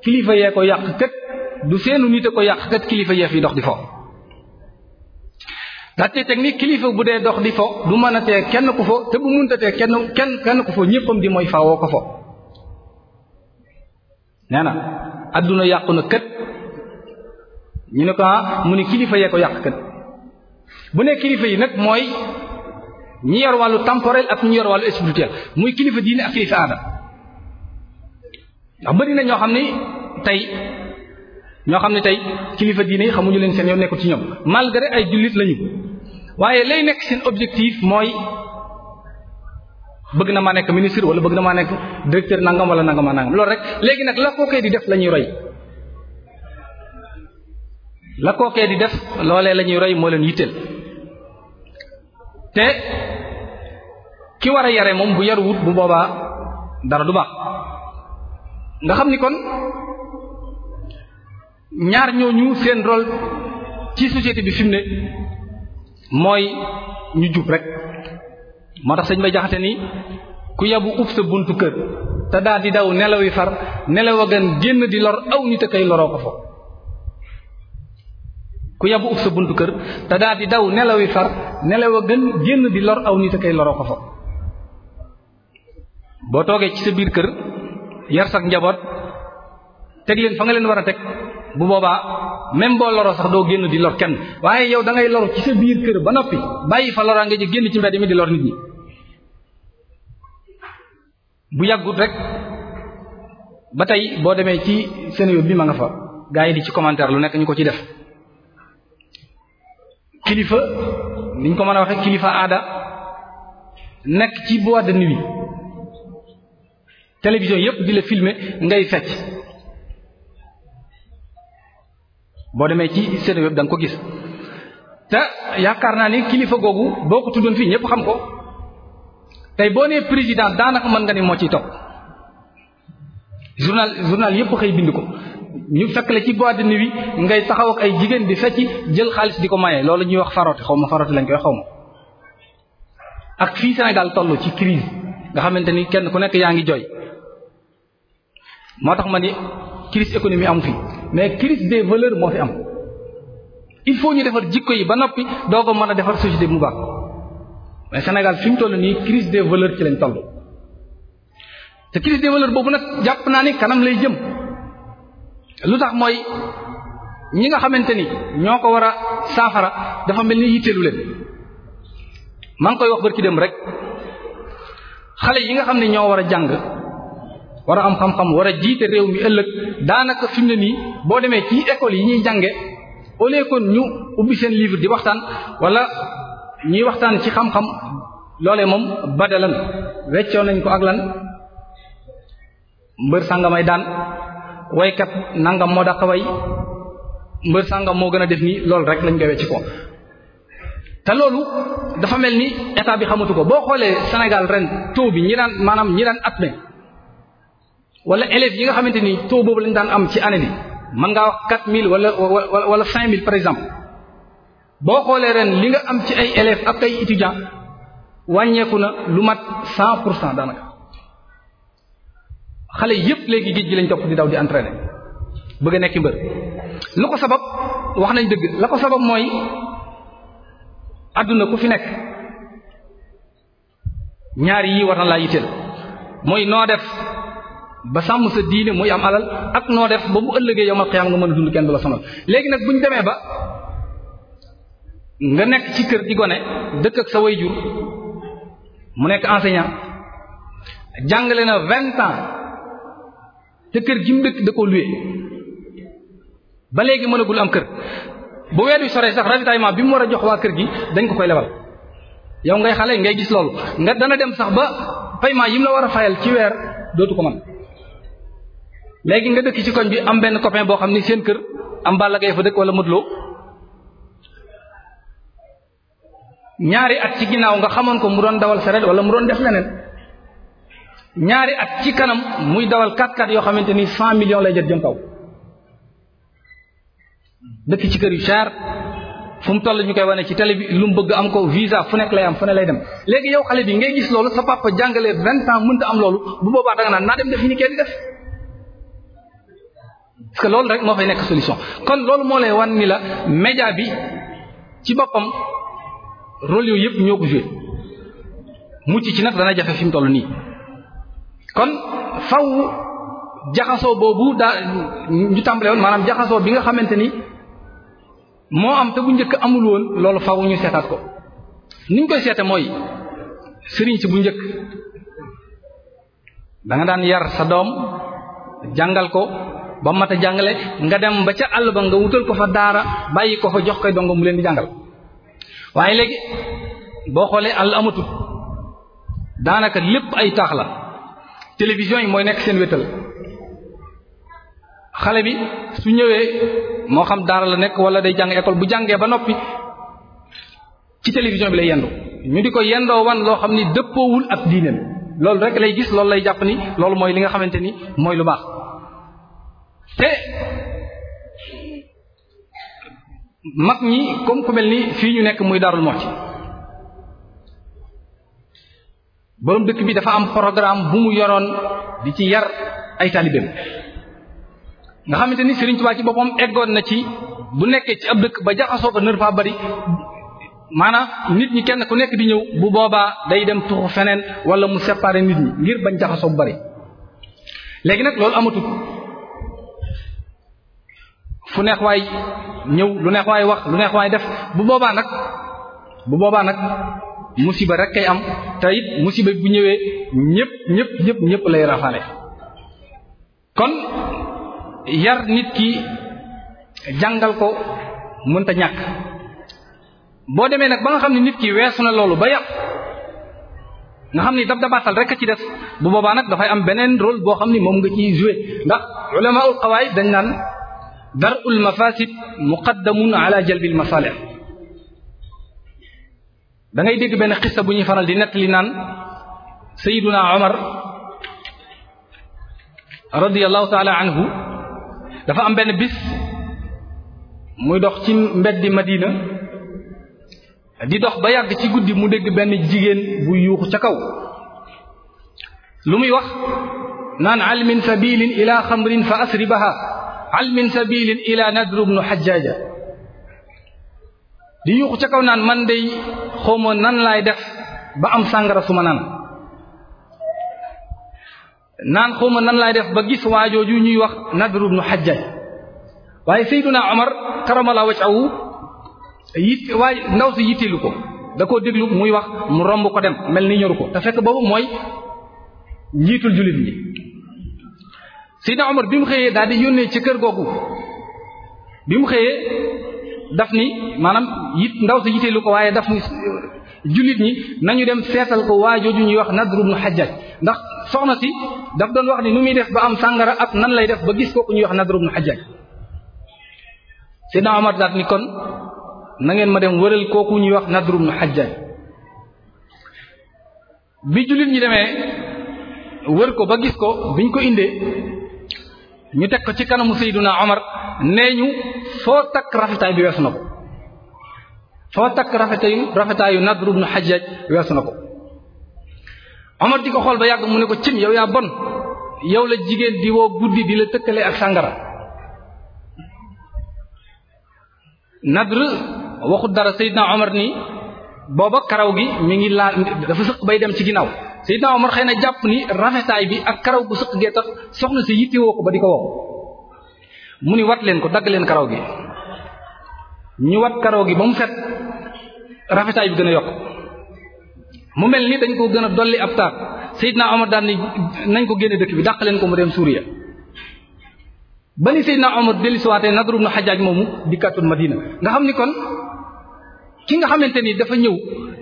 kilifa yee ko yàq kët du seenu nite ko yàq kët kilifa yee fi ndox di fo ndaxte teg ni kilifa bu dee dox di fo du mën a tee kenn ku fo te bu munta tee kenn kenn kenn ku fo ñëppam di mooy faawoo ko fo nee na àdduna yàqu na kët ñu ne ko ah, mu ne kilifa yee ko yàq kët bu ne kilifa yi nag mooy ñi yor wàllu temporel ak ñi yor wàllu muy kilifa diine ak kilifa aada ndax bëri na ñoo xam ne tey ñoo xam ne tey kilifa diine yi xamuñu leen seen yoon nekkul ci ñoom malgré ay jullit lañu waaye lay nekk seen objectif mooy bëgg na ma nekk ministre wala bëgg na maa nekk directeur nangam wala nangam nangam loolu rek léegi nag la kookee di def la ñuy roy la kookee di def loolee la ñuy roy moo leen yitteel te ki war a yare moom bu yaruwut bu boobaa dara du baax nga xam ni kon ñaar ñooñu seen rôle ci société bi fi ne mooy ñu jub rek moo tax sëñ ba jaxate ni ku yabu uf sa buntu kër te daa di daw nelaw yi far nelaw a gën génn di lor aw nit a koy loroo ko fa ku yabu ub sa buntu kër te daa daw nelaw yi far nelaw gën génn di lor aw nit a loroo ko boo toogee ci sa biir kër yar sax njaboot teg leen fa nga leen war a teg bu boobaa même boo loroo sax doo génn di lor kenn waaye yow dangay ngay ci sa biir kër ba noppi bàyyi fa loraa nga ji génn ci mbedd mi di lor nit ñi bu yàggut rek ba tey boo demee ci seen yóbbu bi ma nga fa gaa yi di ci commentaire lu nekk ñu ko ci def kilifa niñ ko mën a waxee kilifa aada nekk ci boîte de nuit télévision yépp di la filmer ngay fecc boo demee ci seen web da nga ko gis te yaakaar naa ni kilifa googu boo ko tuddoon fii ñëpp xam ko tey boo nee président daanaka mën nga ne moo ciy topp journal journal yëpp xëy bind ko ñu fekk la ci boîte de nuit ngay taxaw ay jigéen di fecc jël xaalis di ko maye loolu ñuy wax farote xaw ma farote lañ koy xawma ak fii Sénégal toll ci crise nga xamante ni kenn ku nekk yaa ngi jooy moo tax ma ni crise économie amu fi mais crise des valeurs moo fi am il faut ñu defar jikko yi ba noppi doo ko mën a defar société mu baax mais Sénégal fi mu toll nii crise des valeurs ci lañ toll te crise des boobu nag jàpp naa ni kanam lay jëm lu tax mooy ñi nga xamante ni ñoo ko war a saafara dafa mel ni yitteelu leen maa ngi koy wax barki dem rek xale yi nga xam ne ñoo war a jàng wara am xam-xam war a jiite réew mi ëllëg daanaka fi mu ne nii boo demee ci école yi ñuy jànge au kon ñu ubbi seen livre di waxtaan wala ñuy waxtaan ci xam-xam loolee moom lan weccoo nañ ko ak lan mbër sàngamay daan waykat nangam moo daq way mbër sàngam moo gën a def nii loolu rek lañ koy wecc ko te loolu dafa mel ni état bi xamatu ko boo xoolee Sénégal ren taux bi ñi daan maanaam ñi daan at wala élèves yi nga xamante ni taux boobu lañ daan am ci année bi mën ngaa wax quatre mille wala wala cinq mille par exemple boo xoolee ren li nga am ci ay élèves ak ay étudiants wàññeeku na lu mat cent pour cent daanaka xale yépp léegi géej gi lañ topp di daw di entraîner bëgg a nekk mbër lu ko sabab wax nañ dëgg la ko sabab mooy àdduna ku fi nekk ñaar yi war na laa yitteel mooy noo def ba sàmm sa diine muy am alal ak noo def ba bu ëllëgee yow ma xiyaam nga mën a dund kenn du la sonal léegi nag bu ñu demee ba nga nekk ci kër di gone dëkk ak sa wayjur mu nekk enseignant jàngale na vingt ans te kër gi mu dëkk da koo loué ba léegi mënagul am kër bu weer soree sax ravitaillement bi mu war a jox waa kër gi dañ ko koy lebal yow ngay xale ngay gis loolu nga dana dem sax ba paiement yi mu la war a fayal ci weer dootu ko mën léegi nga dëkk ci koñ bi am benn copain boo xam ni seen kër am Balla Gaye fa dëkk wala Modou Lo ñaari at ci ginnaaw nga xamoon ko mu doon dawal saret wala mu doon def leneen ñaari at ci kanam muy dawal 4 x yoo xamante ni 100 millions lay jot jëm kaw dëkk ci kër yu cher fu mu toll ñu koy wane ci télé bi lu mu bëgg am ko visa fu nekk lay am fu ne lay dem léegi yow xale bi ngay gis loolu sa papa jàngalee 20 ans mënta am loolu bu boobaa a naan naa dem def parce que loolu rek moo fay nekk solution kon loolu moo lay wan ni la média bi ci boppam rôle yooyu yëpp ñoo ko joué mucc ci nag dana jafe fi mu toll nii kon faw jaxasoo boobu daa ñu tàmbale woon maanaam jaxasoo bi nga xamante ni moo am te bu njëkk amul woon loolu faw ñu seetaat ko ni koy seete mooy sëriñ si bu njëkk danga daan yar sa doom jàngal ko ba mat a jàngale nga dem ba ca àll ba nga wutal ko fa daara bàyyi ko fa jox koy dongo mu leen di jàngal waaye léegi boo xoolee àll amatul daanaka lépp ay taax la télévision yi mooy nekk seen wétal xale bi su ñëwee moo xam daara la nekk wala day jàng école bu jàngee ba noppi ci télévision bi lay yendu ñu di ko yendoo wan loo xam ni dëppoowul ak diineem loolu rek lay gis loolu lay jàpp ni loolu mooy li nga xamante ni mooy lu baax te mag ñi comme ku mel ni fii ñu nekk muy Darou Moukhty borom dëkk bi dafa am programme bu mu yoroon di ci yar ay taalibeem nga xamante ni Serigne Touba ci boppam eggoon na ci bu nekkee ci ab dëkk ba jaxasoo ba nër faa bari maanaam nit ñi kenn ku nekk di ñëw bu boobaa day dem tuxu feneen wala mu séparer nit ñi ngir bañ jaxasoo bu bari léegi nag loolu amatul. fu neex waay ñëw lu neex waay wax lu neex waay def bu boobaa nag bu boobaa nag musiba rek kay am te it musiba bu ñëwee ñépp ñëpp ñëpp ñëpp lay rafale kon yar nit ki jàngal ko mën te ñàkk boo demee nag ba nga xam ne nit ki weesu na loolu ba yàqu nga xam ni dab dabaatal rek a ci des bu boobaa nag dafay am beneen rôle boo xam ni moom nga ciy joué ndax ulamaul qawaid dañ naan darul mafasid muqaddamun ala jalbil masalih da ngay dégg benn xissa bu ñuy faral di li naan sayiduna omar radiallahu anhu dafa am benn bis muy dox ci mbeddi madina di dox ba yàgg ci guddi mu dégg benn jigéen bu yuuxu ca kaw lu muy wax naan al min sabilin ila xamrin fa asribaha hal min sabilin ila nadru bnu xajjaaja di yuuxu ca kaw naan man day xawma nan laay def ba am sàngara su ma naan naan xawma nan laay def ba gis waajooju ñuy wax nadru bnu xajjaaj waaye sayduna omar karamala wacawu yitt waay ndaw si yitteelu ko da koo déglu muy wax mu romb ko dem mel ni ñoru ko te fekk boobu mooy njiitul jullit ñi Seydina Omar bi mu xëyee daal di yónnee ci kër googu bi mu xëyee daf ni maanaam it ndaw sa yiteelu ko waaye daf ni jullit ñi nañu dem seetal ko waa jooju ñuy wax Nadr ibn Hajjaj ndax soxna si daf doon wax ni nu muy def ba am sàngara ak nan lay def ba gis kooku ñuy wax Nadr ibn Hajjaj Seydina Omar daat ni kon na ngeen ma dem wëral kooku ñuy wax Nadr ibn Hajjaj bi jullit ñi demee wër ko ba gis ko biñ ko indee ñu teg ko ci kanamu Seydina Omar nee ñu foo takk rafetaay bi weesu na ko foo takk rafetaayu rafetaayu Nadr ibn Hajjaj weesu na ko Omar di ko xool ba yàgg mu ne ko cim yow yaa bon yow la jigéen di woo guddi di la tëkkale ak sàngara Nadr waxut dara Seydina Omar ni booba karaw gi mu ngi laal dafa sëq bay dem ci ginnaaw Seydina Omar xëy na jàpp ni rafetaay bi ak karaw bu sëq gee tax soxna si yittewoo ko ba di ko wow mu ni wat leen ko dagg leen karaw gi ñu wat karaw gi ba mu fet rafetaay bi gën a yokk mu mel ni dañ ko gën a dolli ab taat Seydina Omar daan ni nañ ko génne dëkk bi dàq leen ko mu dem Suuriya ba ni Seydina Omar dellusiwaatee Nadru ibn Hajjaj moomu dikkaatul Madina nga xam ni kon ki nga xamante ni dafa ñëw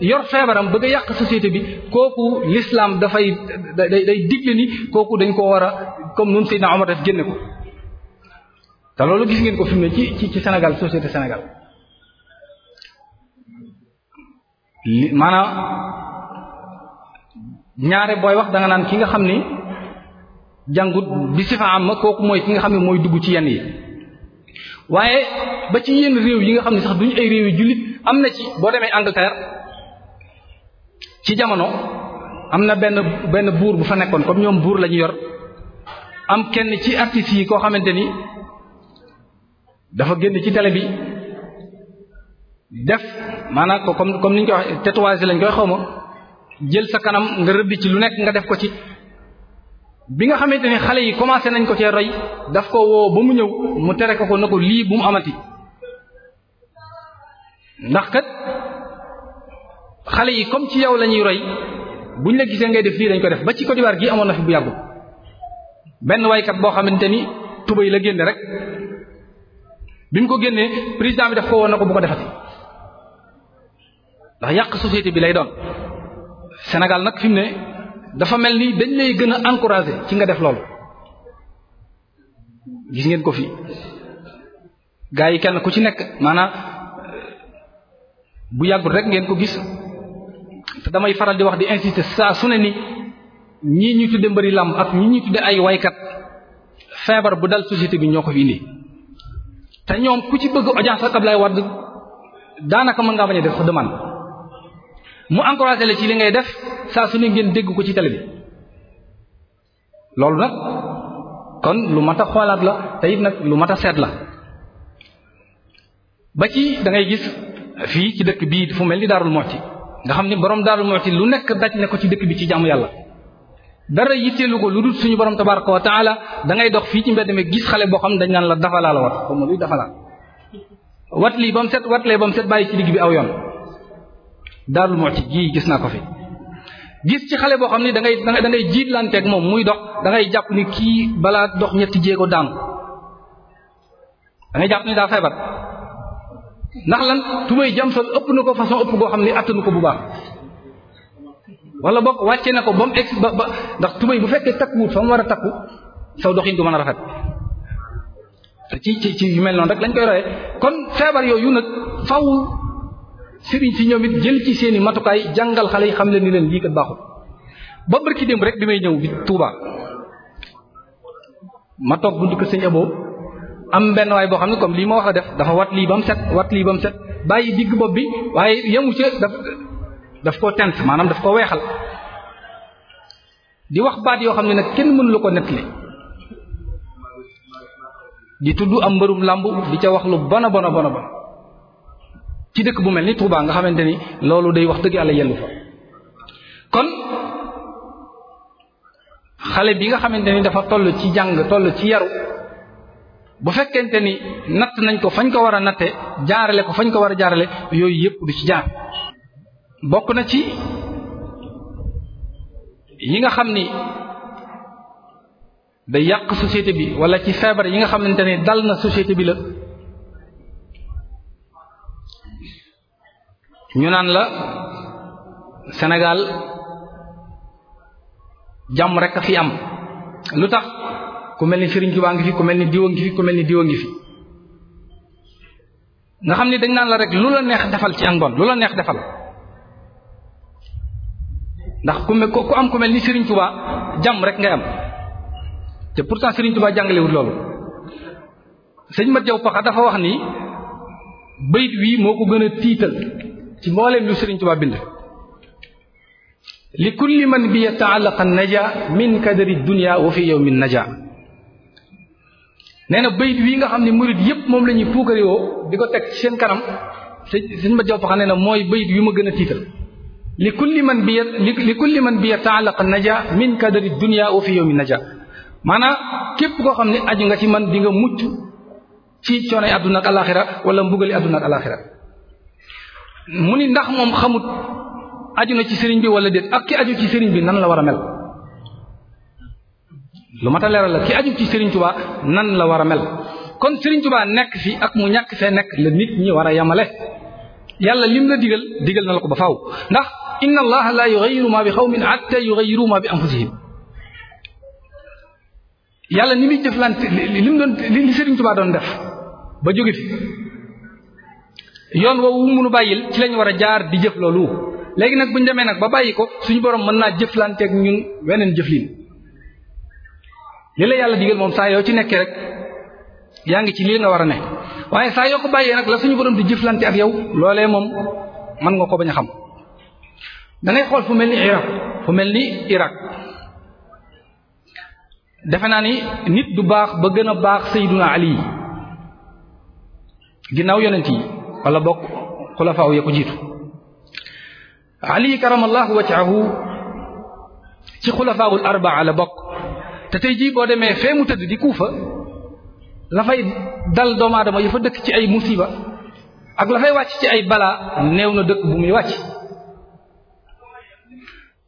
yor feebaram bëgg a yàq société bi kooku l'islam dafay day day digle ni kooku dañ ko war a comme nun Seydina Omar def génne ko te loolu gis ngeen ko fi mu ci senegal Sénégal société Sénégal ñaare booy wax da naan ki nga xam ni jàngut bi si fa am ma kooku mooy ki nga xam ne mooy dugg ci yenn yi waaye ba ci yenn réew yi nga xam ne sax duñu ay réew yi jullit am na ci boo demee Angleterre ci jamono am na benn benn buur bu fa nekkoon comme ñoom buur lañu yor am kenn ci artistes yi koo xamante ni dafa génn ci tele bi def maanaam ko comme comme ni ñu koy wax tatouage lañ koy xaw ma jël sa kanam nga rëdd ci lu nekk nga def ko ci bi nga xamante ne xale yi commencé nañ ko cee roy daf ko woo ba mu ñëw mu tere ko ko na ko lii bu mu amati ndax kat xale yi comme ci yow la ñuy roy buñ la gisee ngay def lii dañ ko def ba ci Côte d'Ivoire gii amoon na fi bu yàggu benn waykat boo xamante ni tubay la génne rek bi mu ko génnee président bi daf ko woon na ko bu ko defati ndax yàq société bi lay doon Sénégal nag fi ne dafa mel ni dañ lay gën a encourager ci nga def loolu gis ngeen ko fi gaa yi kenn ku ci nekk maanaam bu yàggul rek ngeen ko gis te damay faral di wax di insister saa su ne ni ñii ñuy tudde mbëri làmb ak ñii ñuy tudde ay waykat feebar bu dal société bi ñoo ko fi indi te ñoom ku ci bëgg audience ak Ablaye Wade daanaka mën ngaa bañ a def sa demande mu encouragé la ci li ngay def saa su ne ngeen dégg ko ci télé bi loolu nag kon lu mat a xoolaat la te it nag lu mat a seet la ba ci da ngay gis fii ci dëkk bii fu mel ni Darou Moukhty nga xam ni borom Darou Moukhty lu nekk daj ne ko ci dëkk bi ci jaamu yàlla dara yitteelu ko lu dul suñu borom tabaraka wa taala da ngay dox fii ci mbedd mi gis xale boo xam dañ naan la dafalaa la wat xaw ma luy dafalaa wat lii ba mu set wat lee ba mu set bàyyi ci digg bi aw yoon Daarul Muxti gii gis naa ko fi gis ci xale boo xam ni dangay dangay da ngay moom muy dox dangay jàpp ni kii balaa dox ñetti jéego daanu da ngay jàpp ni daa feebar ndax lan tubay jam ëpp na ko façon ëpp goo xam ni attanu ko bu baax wala boog wàcce na ko ba mu ex ba ba ndax tubay bu fekkee takkuwut fa mu war a takku saw doxin du mën a rafet te ci ci ci yu mel noonu rek lañ koy royee kon feebar yooyu nag faw sëriñ si ñoom it jël ci seen i matukaay jàngal xale yi xam leen ni leen lii kat baaxul ba barki démb rek bi may ñëw bi Touba ma toog buntu ko sëñ Abo am benn waay boo xam ne comme li ma wax la def dafa wat lii ba mu set wat lii ba mu set bàyyi digg bopp bi waaye yemu ca daf daf koo tent maanaam daf koo weexal di wax baat yoo xam ne nag kenn mënu la ko nettali di tudd am mbërum làmb di ca wax lu bona bona bona bona ci dëkk bu mel ni Touba nga xamante ni loolu day wax dëgg yàlla yellu fa kon xale bi nga xamante ni dafa toll ci jàng toll ci yaru bu fekkente ni natt nañ ko fañ ko war a natte jaarale ko fañ ko war a jaarale yooyu yëpp du ci jaar bokk na ci yi nga xam ni day yàq société bi wala ci feebar yi nga xamante ni dal na société bi la ñu naan la Sénégal jàmm rek a fi am lu tax ku mel ni Sëriñ Tuubaa ngi fi ku mel ni diwa ngi fi mel ni diwa ngi fi nga xam ni dañ naan la rek lu la neex defal ci angoon lu la neex defal ndax ku mel ku am ku mel ni Sëriñ Tuubaa jàmm rek ngay am te pourtant Sëriñ Tuubaa jàngalewut loolu sëñ Mat Jaw Paxa dafa wax ni bayit wii moo ko gën a tiital ci mbooleem lu Sëriñ Tuubaa bind li kulli man bi yataalaqa naja min kadari dunia wa fi yawmin naja nee na bayit wi nga xam ne murid yépp moom lañuy ñuy puukarewoo di ko teg ci seen kanam sëñ ma jow paxa nee na mooy bayit yu ma gën a tiital li kulli man bi li kulli man bi naja min kadari dunia wa fi yawmin naja maanaam képp koo xam ne aju nga ci man bi nga mucc ci coonoy àdduna ak alaxira wala mbugali àdduna ak alaxira mu ni ndax moom xamut aju na ci sëriñ bi wala déet ak ki aju ci sëriñ bi nan la war a mel lu mat a leeral la ki aju ci sëriñ Tuubaa nan la war a mel kon sëriñ Tuubaa nekk fi ak mu ñàkk fee nekk la nit ñi war a yamale yàlla lim la digal digal na la ko ba faw ndax inna allaha la yughayyiru ma bi qawmin hatta yughayyiru ma bi anfusihim yàlla ni muy jëflante li mu doon li sëriñ Tuubaa doon def ba jóge fi yoon woowu munu bàyyil ci lañ war a jaar di jëf loolu léegi nag bu ñu demee nag ba bàyyi ko suñu borom mën naa jëflanteeg ñun weneen jëflin li la yàlla digal moom saa yoo ci nekkee rek yaa ngi ci lii nga war a ne waaye saa yoo ko bàyyee nag la suñu borom di jëflante ak yow loolee moom mën nga ko bañ a xam dangay xool fu mel ni Irak fu mel ni Irak defe naa ni nit du baax ba gën a baax Sayyiduna Ali ginnaaw yonent yi walla bokk xulafaaw ya ko jiitu ali karamallahu wajhahu ci xulafaawul arbaa la bokk te tey jii boo demee fee mu tëdd di kuufa lafay dal doomu aadama yi fa dëkk ci ay musiba ak lafay wàcc ci ay balaa néew na dëkk bu muy wàcc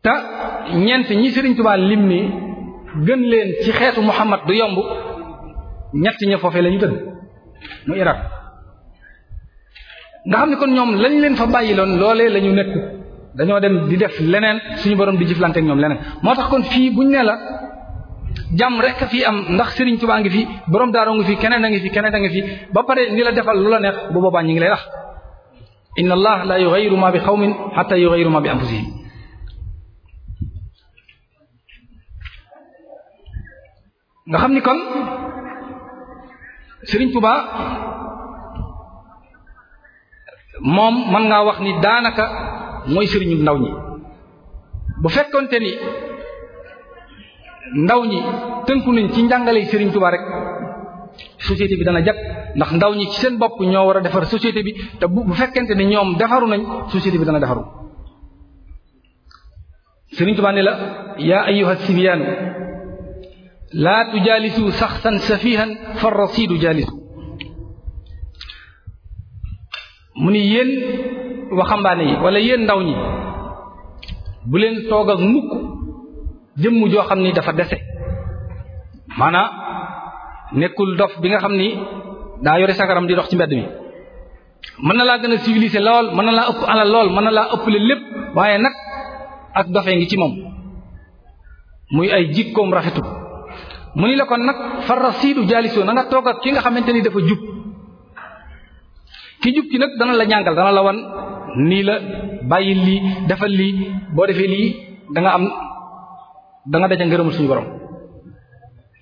te ñent ñi Sëriñ Tuubaa lim ni gën leen ci xeetu Muhammad du yomb ñett ña foofee la tëdd mu Irak nga xam ne kon ñoom lañu leen fa bàyyiloon loolee la ñu nekk dañoo dem di def leneen suñu borom di jëflante ñoom leneen moo tax kon fii buñ ne la jàmm rek a fi am ndax Serigne Touba ngi fii borom daaro ngi fi keneen a ngi fi keneen a ngi fi ba pare ni la defal lu la neex bu boobaa ñu ngi lay wax inna allah la yughayyiru ma bi qawmin hatta yughayyiru ma bi anfusihim nga xam ni kon Serigne Touba moom mën ngaa wax ni daanaka mooy sëriñu ndaw ñi bu fekkonte ni ndaw ñi tënku nañ ci njàngale sëriñ Tuubaa rek société bi dana jag ndax ndaw ñi ci seen bopp ñoo war a defar société bi te bu bu fekkente ni ñoom defaru nañ société bi dana defaru sëriñ Tuubaa ne la yaa ayyuha sibyaan laa tujaalisu saxsan safihan fa rasidu jaalisu mu ni yéen waxambaane yi wala yéen ndaw ñi bu leen toog ak mukk jëmm joo xam ni dafa dese maanaa nekkul dof bi nga xam ni daa yore sakaram di dox ci mbedd mi mën na laa gën a civilisé lool mën na laa ëpp alal lool mën na laa ëpple lépp waaye nag ak dofee ngi ci moom muy ay jikkoom rafetu mu ni la kon nag farasiidu jaalisoo na nga ak ki nga xamante ni dafa jub ki jub ki nag dana la ñàngal dana la wan nii la bàyyi lii defal lii boo defee lii danga nga am da nga daja ngërëmul suñu borom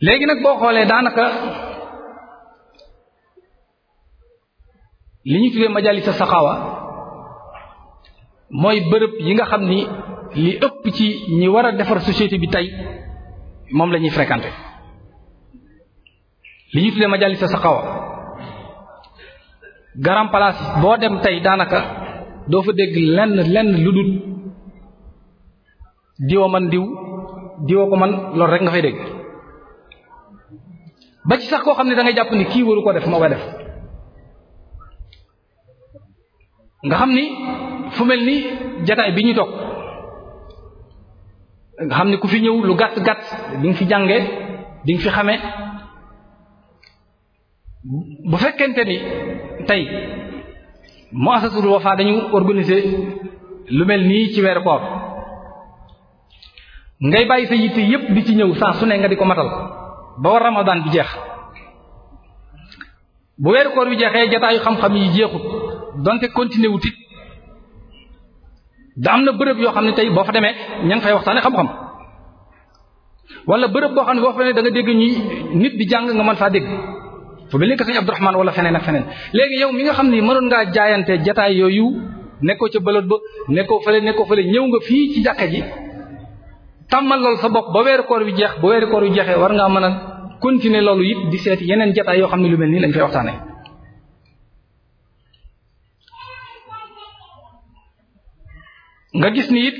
léegi nag boo xoolee daanaka li ñu tuddee sa saxaawa mooy bërëb yi nga xam ni li ëpp ci ñi war a defar société bi tey moom la ñuy fréquenter li ñu tuddee sa saxaawa grand place boo dem tey daanaka doo fa dégg lenn lenn lu dul diwa man diw diwa ko man loolu rek nga fay dégg ba ci sax koo xam ne dangay ngay jàpp ni kii waru ko def moo koy def nga xam ni fu mel ni jataay bi ñu toog nga xam ni ku fi ñëw lu gàtt gàtt di fi jànge di fi xame bu fekkente ni tey muassasatul Wafa dañu organiser lu mel nii ci weeru koor ngay bàyyi sa yitte yépp di ci ñëw saa su ne nga di ko matal ba war Ramadan bi jeex bu weeru koor bi jeexee jataayu xam-xam yi jeexut donte continuer wut it da am na bërëb yoo xam ne tey boo fa demee ña ngi fay waxtaane xam-xam wala bërëb boo xam ne boo fa demee da dégg ñuy nit di jàng nga mën faa dégg fa mel ni que sëñ Abdourahmane wala feneen ak feneen léegi yow mi nga xam ni mënoon ngaa jaayante jataay yooyu nekkoo ca bëlot ba nekkoo fële nekkoo fële ñëw nga fii ci jàkka ji tàmmal loolu sa bopp ba weeru koor bi jeex ba weeru koor bi jeexee war ngaa mën a continuer loolu it di seeti yeneen jataay yoo xam ne lu mel nii lañ koy waxtaanee. nga gis ni it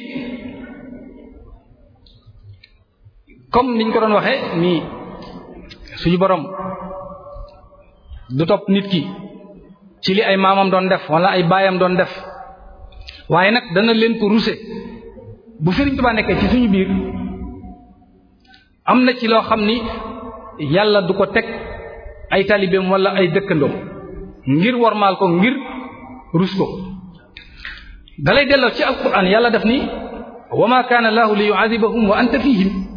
comme niñ ko doon waxee nii suñu borom. du topp nit ki ci li ay maamam doon def wala ay baayam doon def waaye nag dana leen ko ruse bu Sëriñ Tuubaa nekkee ci suñu biir am na ci loo xam ni yàlla du ko teg ay taalibeem wala ay dëkkandoom ngir wormaal ko ngir rus ko dalay delloo ci alquran yàlla def ni wa ma kaana lahu li yu'adhibahum wa anta fihim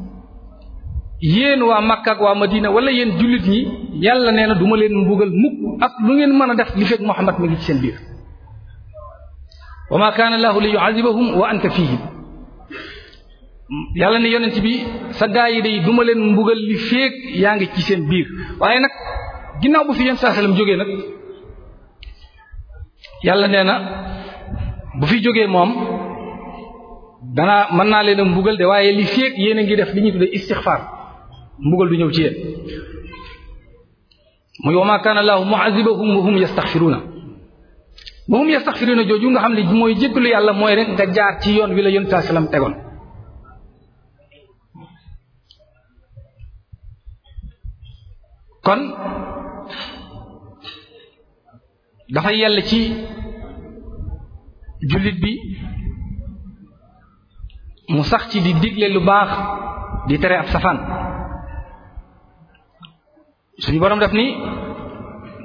yéen waa Makka ak waa Madina wala yéen jullit ñi yàlla nee na duma leen mbugal mukk ak lu ngeen mën a def li fekk Muhammad mi ngi seen biir wa ma kaana lahu li yu'adhibahum wa anta fihim yàlla bi sa gaa yi day du leen mbugal li fekk yaa ngi ci seen biir waaye nag ginnaaw bu fi yéen saa salaam jógee nag yàlla nee na bu fi jógee moom danaa mën naa leen mbugal de waaye li fekk yéen a ngi def li ñuy tuddee istixfaar mbugal du ñëw ci yéen muy wa ma kaana allahu muazibahum wa hum yastaxfiruuna wa hum yastaxfiruuna jooju nga xam ne mooy jéggalu yàlla mooy rek nga jaar ci yoon wi la yonent sallallahu alayhi wasallam tegoon kon dafa yell ci jullit bi mu sax ci di digle lu baax di tere ab safaan suñu borom def ni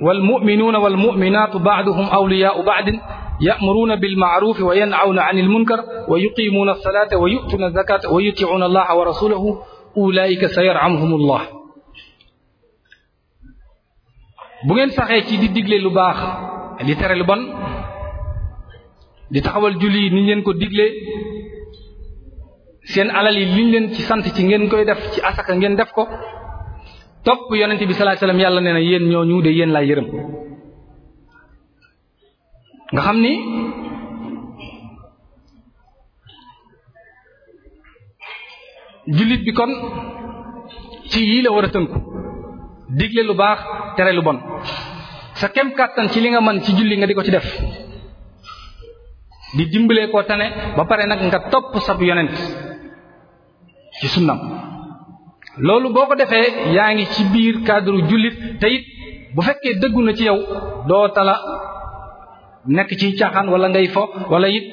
wal muminuuna wal muminaatu baaduhum awliyaau baadin yaamuruuna bilmaarufi wa yanhawna an ilmunkar wa yuqimuuna alsalata wa yutuuna alzakata wa yuticuuna allaha wa rasulahu ulaika sa yarhamhum allah bu ngeen saxee ci di digle lu baax di tere lu bon di taxawal julli ni leen ko digle seen alal yi liñ leen ci sant ci ngeen koy def ci asaka ngeen def ko topp yonente bi sallallahu alayhi wasallam yàlla nee na yéen ñooñu de yéen laay yërëm nga xam ni jullit bi kon ci yii la war a tënku digle lu baax tere lu bon sa kem kàttan ci li nga mën ci julli nga di ko ci def di dimbalee koo tane ba pare nag nga topp sab yonent ci sunnam loolu boo ko defee yaa ngi ci biir cadre jullit te bu fekkee dëggu na ci yow doo tala nekk ci caaxaan wala ngay fo wala it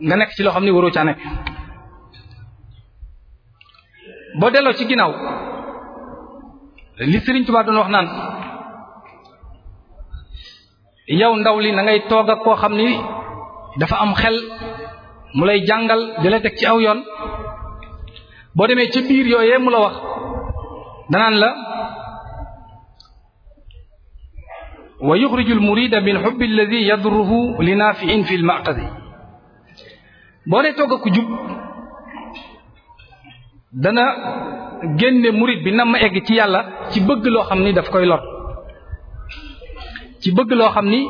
nga nekk ci loo xam ne waroo caa nekk boo delloo ci ginnaaw li Serigne Touba doon wax naan yow ndaw li na ngay toog ak koo xam ni dafa am xel mu lay jàngal di la teg ci aw yoon boo demee ci biir yooyee mu la wax danaan la wa yuxriju almurida min xubbi alladi yadruhu li naafiin fi lmaqadi boo ne togg ku jub dana génne murid bi nam ma egg ci yàlla ci bëgg xam ni daf koy lor ci bëgg loo xam ni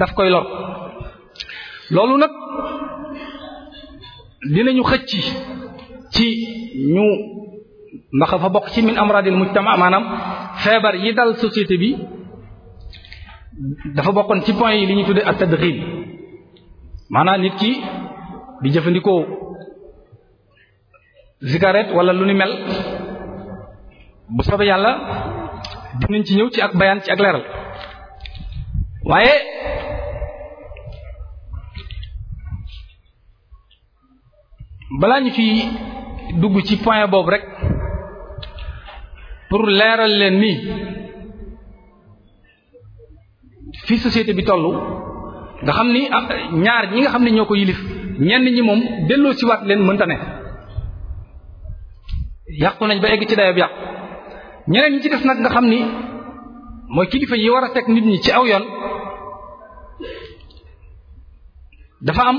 daf koy lor loolu nag dinañu xëcc ci ñu ndax dafa bokk ci min amradil mujtama maanaam feebar yi dal société bi dafa bokkoon ci point yi li ñuy tuddee ak tadxin maanaam nit ki di jëfandikoo cigarette wala lu ni mel bu soobee yàlla dinañ ci ñëw ci ak bayaan ci ak leeral waaye balaa ñu fi dugg ci point boobu rek pour leeral leen nii fi société bi toll nga xam ni ñaar ñi nga xam ne ñoo ko yilif ñenn ñi moom delloo ci leen mënta ne yàqu nañ ba egg ci dayob yàqu ñeneen ñi ci def nag nga xam ni mooy kilifa yi war a teg nit ñi ci aw yoon dafa am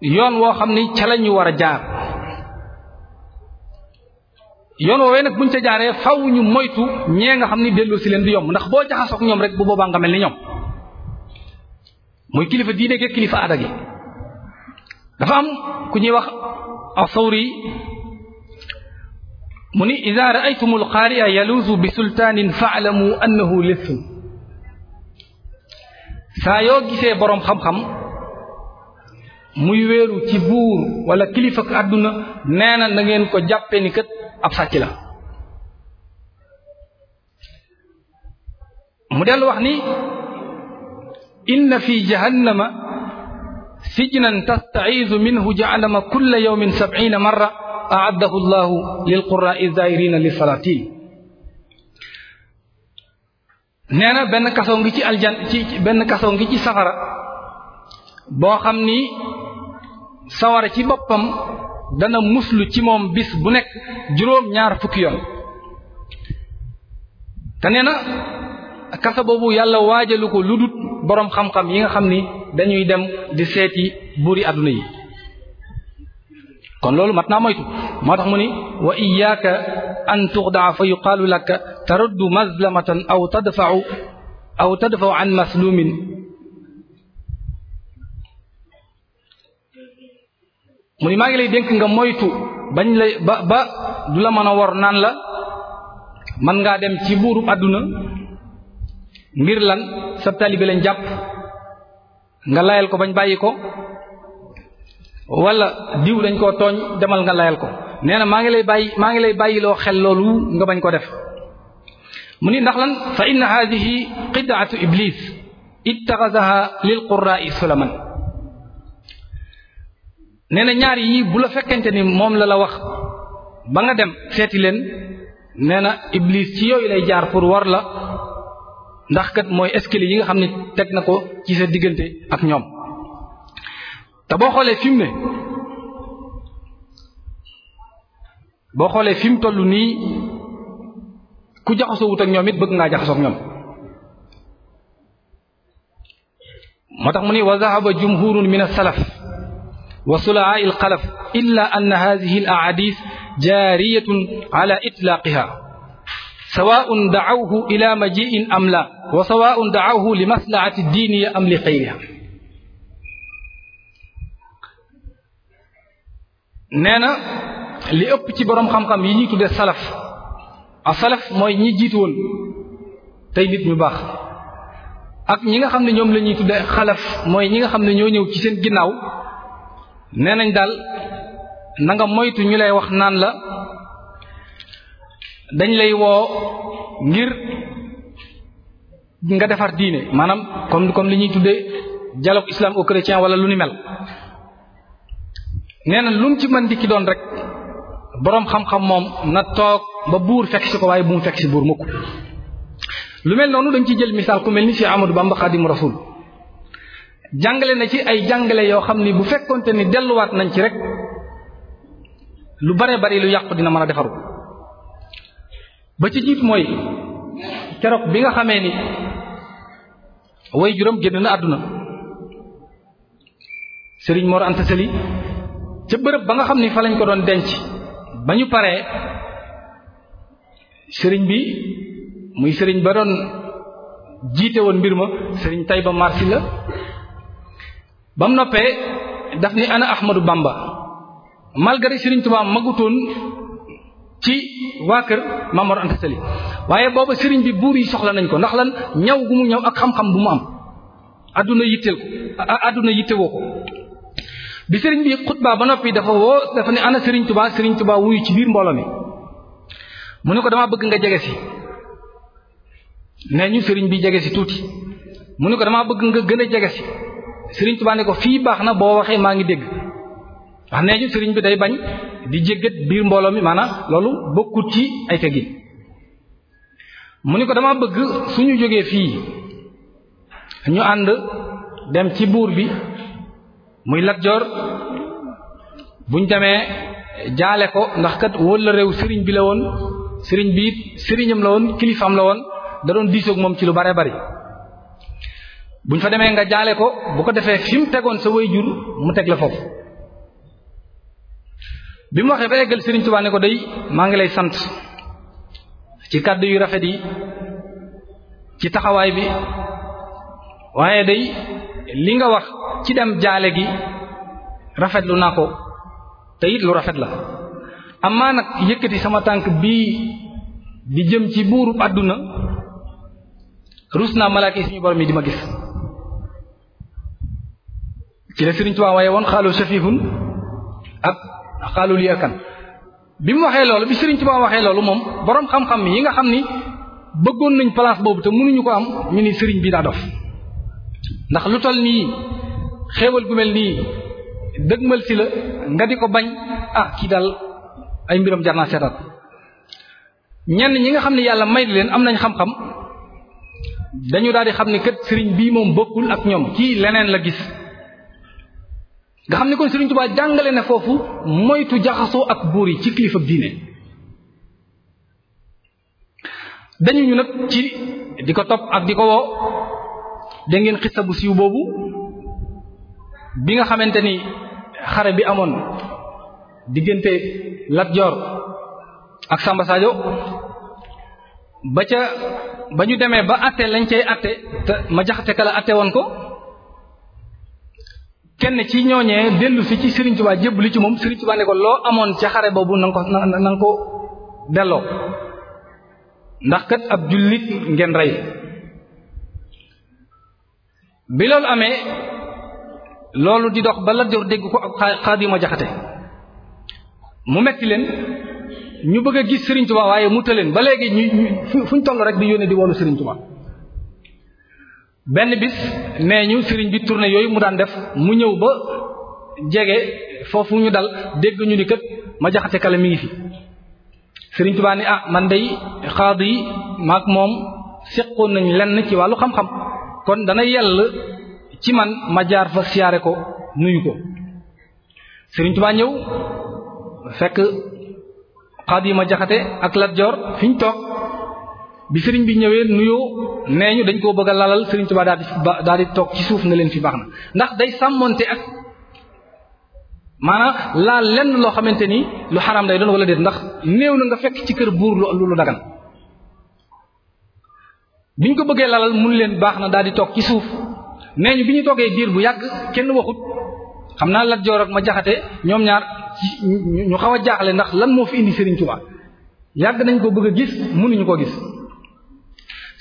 yoon woo xam ni ca la ñu war a jaar yoon woowee nag buñ ca jaaree faw ñu moytu ñee nga xam ni delloo leen du yomb ndax boo jaxasoog ñoom rek bu boobaa nga ni ñoom muy kilifa diine gi kilifa aada gi dafa am ku ñuy wax asawri mu ni ida raaytum alqaaria yaluusu bi sultaanin faalamu annahu saa yoo gisee boroom xam-xam muy wéeru ci buur wala kilifa àdduna neena na ko jàppe ni kat ab sàcc la mu dellu wax ni inna fi jahannama sijnan tasta'izu minhu ja'alama kulla yawmin sab'ina marra a'addahu llahu lilqurra'i zairina li salatin nee na benn kaso ngi ci aljan ci benn kaso ci safara boo xam ni sawara ci boppam dana muslu ci moom bis bu nekk juróom ñaar fukki yoon te nee na kasa boobu yàlla waajalu ko lu dut boroom xam-xam yi nga xam ni dañuy dem di seeti buuri àdduna yi kon loolu mat naa moytu moo tax mu ni wa iyaaka an tuxdaa fa yuqaalu laka taruddu mazlamatan aw tadfau aw tadfau an maslumin mu ni maa ngi lay dénk nga moytu bañ lay ba du la mën a wor naan la mën ngaa dem ci buurub àdduna ngir lan sa taalibe lañ jàpp nga layal ko bañ bàyyi ko wala diw dañ koo tooñ demal nga layal ko nee na maa ngi lay bàyyi maa ngi lay bàyyiloo xel loolu nga bañ ko def mu ni ndax lan fa inna haadihi qidaatu iblis ittaxasaha lil quraa'i sulaman nee na ñaar yii bu la fekkente ni moom la la wax ba nga dem seeti leen nee na iblis ci yooyu lay jaar pour war la ndax kat mooy escalier yi nga xam ne teg na ko ci sa diggante ak ñoom te boo xoolee fi mu ne boo xoolee fi mu toll nii ku jaxasoo wut ak ñoom it bëgg ngaa jaxasoo ak ñoom moo tax mu ni a zahaba jumhurun mi as-salaf wa sulaai alxalaf illa anna hadihi al ahadith jaariyatun ala itlaqiha sawaun daawhu ila majiin am la wa sawaun daawhu li maslahati diiniya am li xayriha nee na li ëpp ci boroom xam-xam yi ñuy tuddee salaf a salaf mooy ñi jiitu woon tey nit ñu baax ak ñi nga xam ne ñoom la ñuy tuddee xalaf mooy ñi nga xam ne ñoo ñëw ci seen ginnaaw nee nañ daal na nga moytu ñu lay wax naan la dañ lay woo ngir nga defar diine maanaam comme comme li ñuy tuddee dialogue islamo-chrétien wala lu ni mel nee na lu mu ci mën di ki doon rek boroom xam-xam moom na toog ba buur fekk si ko waaye bu mu fekk ci buur mukk lu mel noonu dañ ci jël misaal ku mel ni si Amadou Bamba Xaadimu Rasuul jàngale na ci ay jàngale yoo xam ni bu fekkonte ni delluwaat nañ ci rek lu bare bari lu yàqu dina mën a defaru ba ci jiit mooy keroog bi nga xamee ni way juróom génn na àdduna sëriñ Mor Anta Sali ca bërëb ba nga xam ni fa lañ ko doon denc ba ñu paree sëriñ bi muy sëriñ ba doon jiite woon mbir ma sëriñ Tayba Marsi la ba mu noppee daf ni ana Ahmadou Bamba malgré Serigne Touba magutoon ci waa kër Mamor Anta waaye booba Serigne bi buur yi soxla nañ ko ndax lan ñaw gu mu ñaw ak xam-xam bu mu am àdduna yitteel ko adduna yittewoo ko bi Serigne bi xutbaa ba noppi dafa woo dafa ne ana Serigne Touba Serigne Touba wuyu ci biir mbooloo mi mu ne ko damaa bëgg nga jege si nee ñu sëriñ bi jege si tuuti mu ne ko damaa bëgg nga gën a jege si. sëriñ Touba ne ko fii baax na boo waxee maa ngi dégg wax nee ñu Serigne bi day bañ di jéggat biir mbooloo mi maanaam loolu bokkut ci ay teggin mu ni ko dama bëgg su ñu jógee fii ñu ànd dem ci buur bi muy Lat Joor buñ demee jaale ko ndax kat wóol la réew sëriñ bi la woon Serigne bi sëriñam la woon kilifaam la woon da doon diisoog moom ci lu bare bari bu buñ fa demee nga jaale ko bu ko defee fi mu tegoon sa way jur mu teg la foofu bi mu waxee ba eggal Serigne Touba ko day maa ngi lay sant ci kàddu yu rafet yi ci taxawaay bi waaye day li nga wax ci dem jaale gi rafetlu naa ko te it lu rafet la amaa nag yëkkati sama tànk bii di jëm ci buurub àdduna rus naa malaaka yi suñu borom yi di ma gis ci la Sëriñ Tuubaa waaye woon xaalu safihun ak xaalu lii akan bi mu waxee loolu bi Sëriñ Tuubaa waxee loolu moom boroom xam-xam yi nga xam ni bëggoon nañu place boobu te mënuñu ko am ñu ni sëriñ bi daa ndax lu toll nii xeewal gu mel nii dëgmal si la nga di ko bañ ah kii daal ay mbiram jar seetaat ñenn ñi nga xam ne yàlla may leen am nañ xam-xam dañu daal di xam ne kët sëriñ bii moom bokkul ak ñoom kii leneen la gis nga xam ne kon Serigne Touba jàngale na foofu moytu jaxasoo ak buur yi ci kilifa diine dañu ñu nag ci di ko topp ak di ko woo da ngeen bu siiw boobu bi nga xamante ni xare bi amoon diggante Lat Joor ak Samba Sadio ba ca ba ñu demee ba atte lañ cay atte te ma jaxate kala atte woon ko kenn ci ñooñee dellu si ci Serigne Touba li ci moom Serigne Touba ne ko loo amoon ca xare boobu na nga ko na nga ko delloo ndax kat ab jullit ngeen rey bi loolu amee loolu di dox ba la jor dégg ko ak Xaadima Jaxate mu metti leen ñu bëgg a gis Serigne Touba waaye mu tëleen ba léegi ñu fuñ rek di yónnee di woolu Serigne Touba benn bis nee ñu sëriñ bi turne yooyu mu daan def mu ñëw ba jege foofu ñu dal dégg ñu ni kat ma jaxate kala mi ngi fi sëriñ Tuubaa ni ah man day xaadu yi maak moom seqoon nañ lenn ci wàllu xam-xam kon dana yell ci man ma jaar fa siyaare ko nuyu ko sëriñ Tuubaa ñëw fekk xaadu yi ma jaxate ak Lat fiñ toog bi sëriñ bi ñëwee nuyoo nee ñu dañ koo bëgg a lalal sëriñ Tuubaa daal di daal di toog ci suuf na leen fi baax na ndax day sàmmonte ak maanaam laa lenn loo xamante ni lu xaraam day doon la déet ndax néew na nga fekk ci kër buur lu lu dagan biñ ko bëggee lalal mun leen baax na daal di toog ci suuf nee ñu bi ñu toogee diir bu yàgg kenn waxut xam naa Lat Joor ak ma jaxate ñoom ñaar ñu xaw a jaaxle ndax lan moo fi indi sëriñ Tuubaa yàgg nañ ko bëgg a gis mënuñu ko gis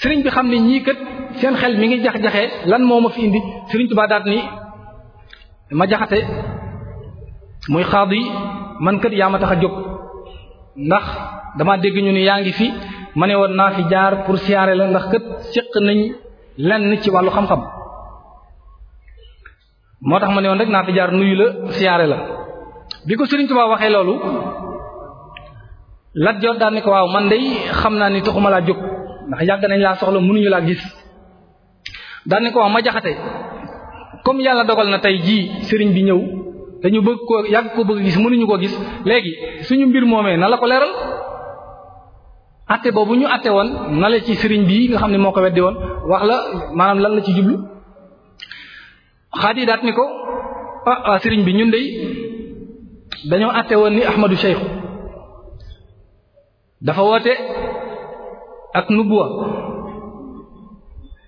sëriñ bi xam ne ñii kat seen xel mi ngi jax-jaxe lan moo ma fi indi sëriñ Tuubaa daat ni ma jaxate muy xaadu yi man kat yaa ma tax a jóg ndax dama dégg ñu ni yaa ngi fi ma ne woon naa fi jaar pour siyaare la ndax kat séq nañ lenn ci wàllu xam-xam moo tax ma ne woon rek naa fi jaar nuyu la siyaare la bi ko Sëriñ Tuubaa waxee loolu Lat Joor daan ni ko waaw man day xam naa ni taxuma laa jóg ndax yàgg nañ laa soxla mënuñu laa gis daan ko wax ma jaxate comme yàlla dogal na tey jii sëriñ bi ñëw dañu bëgg ko yàgg ko bëgg gis mënuñu ko gis léegi suñu mbir moomee na la ko leeral atte boobu ñu atte woon na la ci sëriñ bi nga xam ne moo ko weddi woon wax la maanaam lan la ci jublu xaadi daat ni ko ah, ah sëriñ bi ñun dey dañoo atte woon ni Ahmadu Cheikh dafa woote ak nubuwa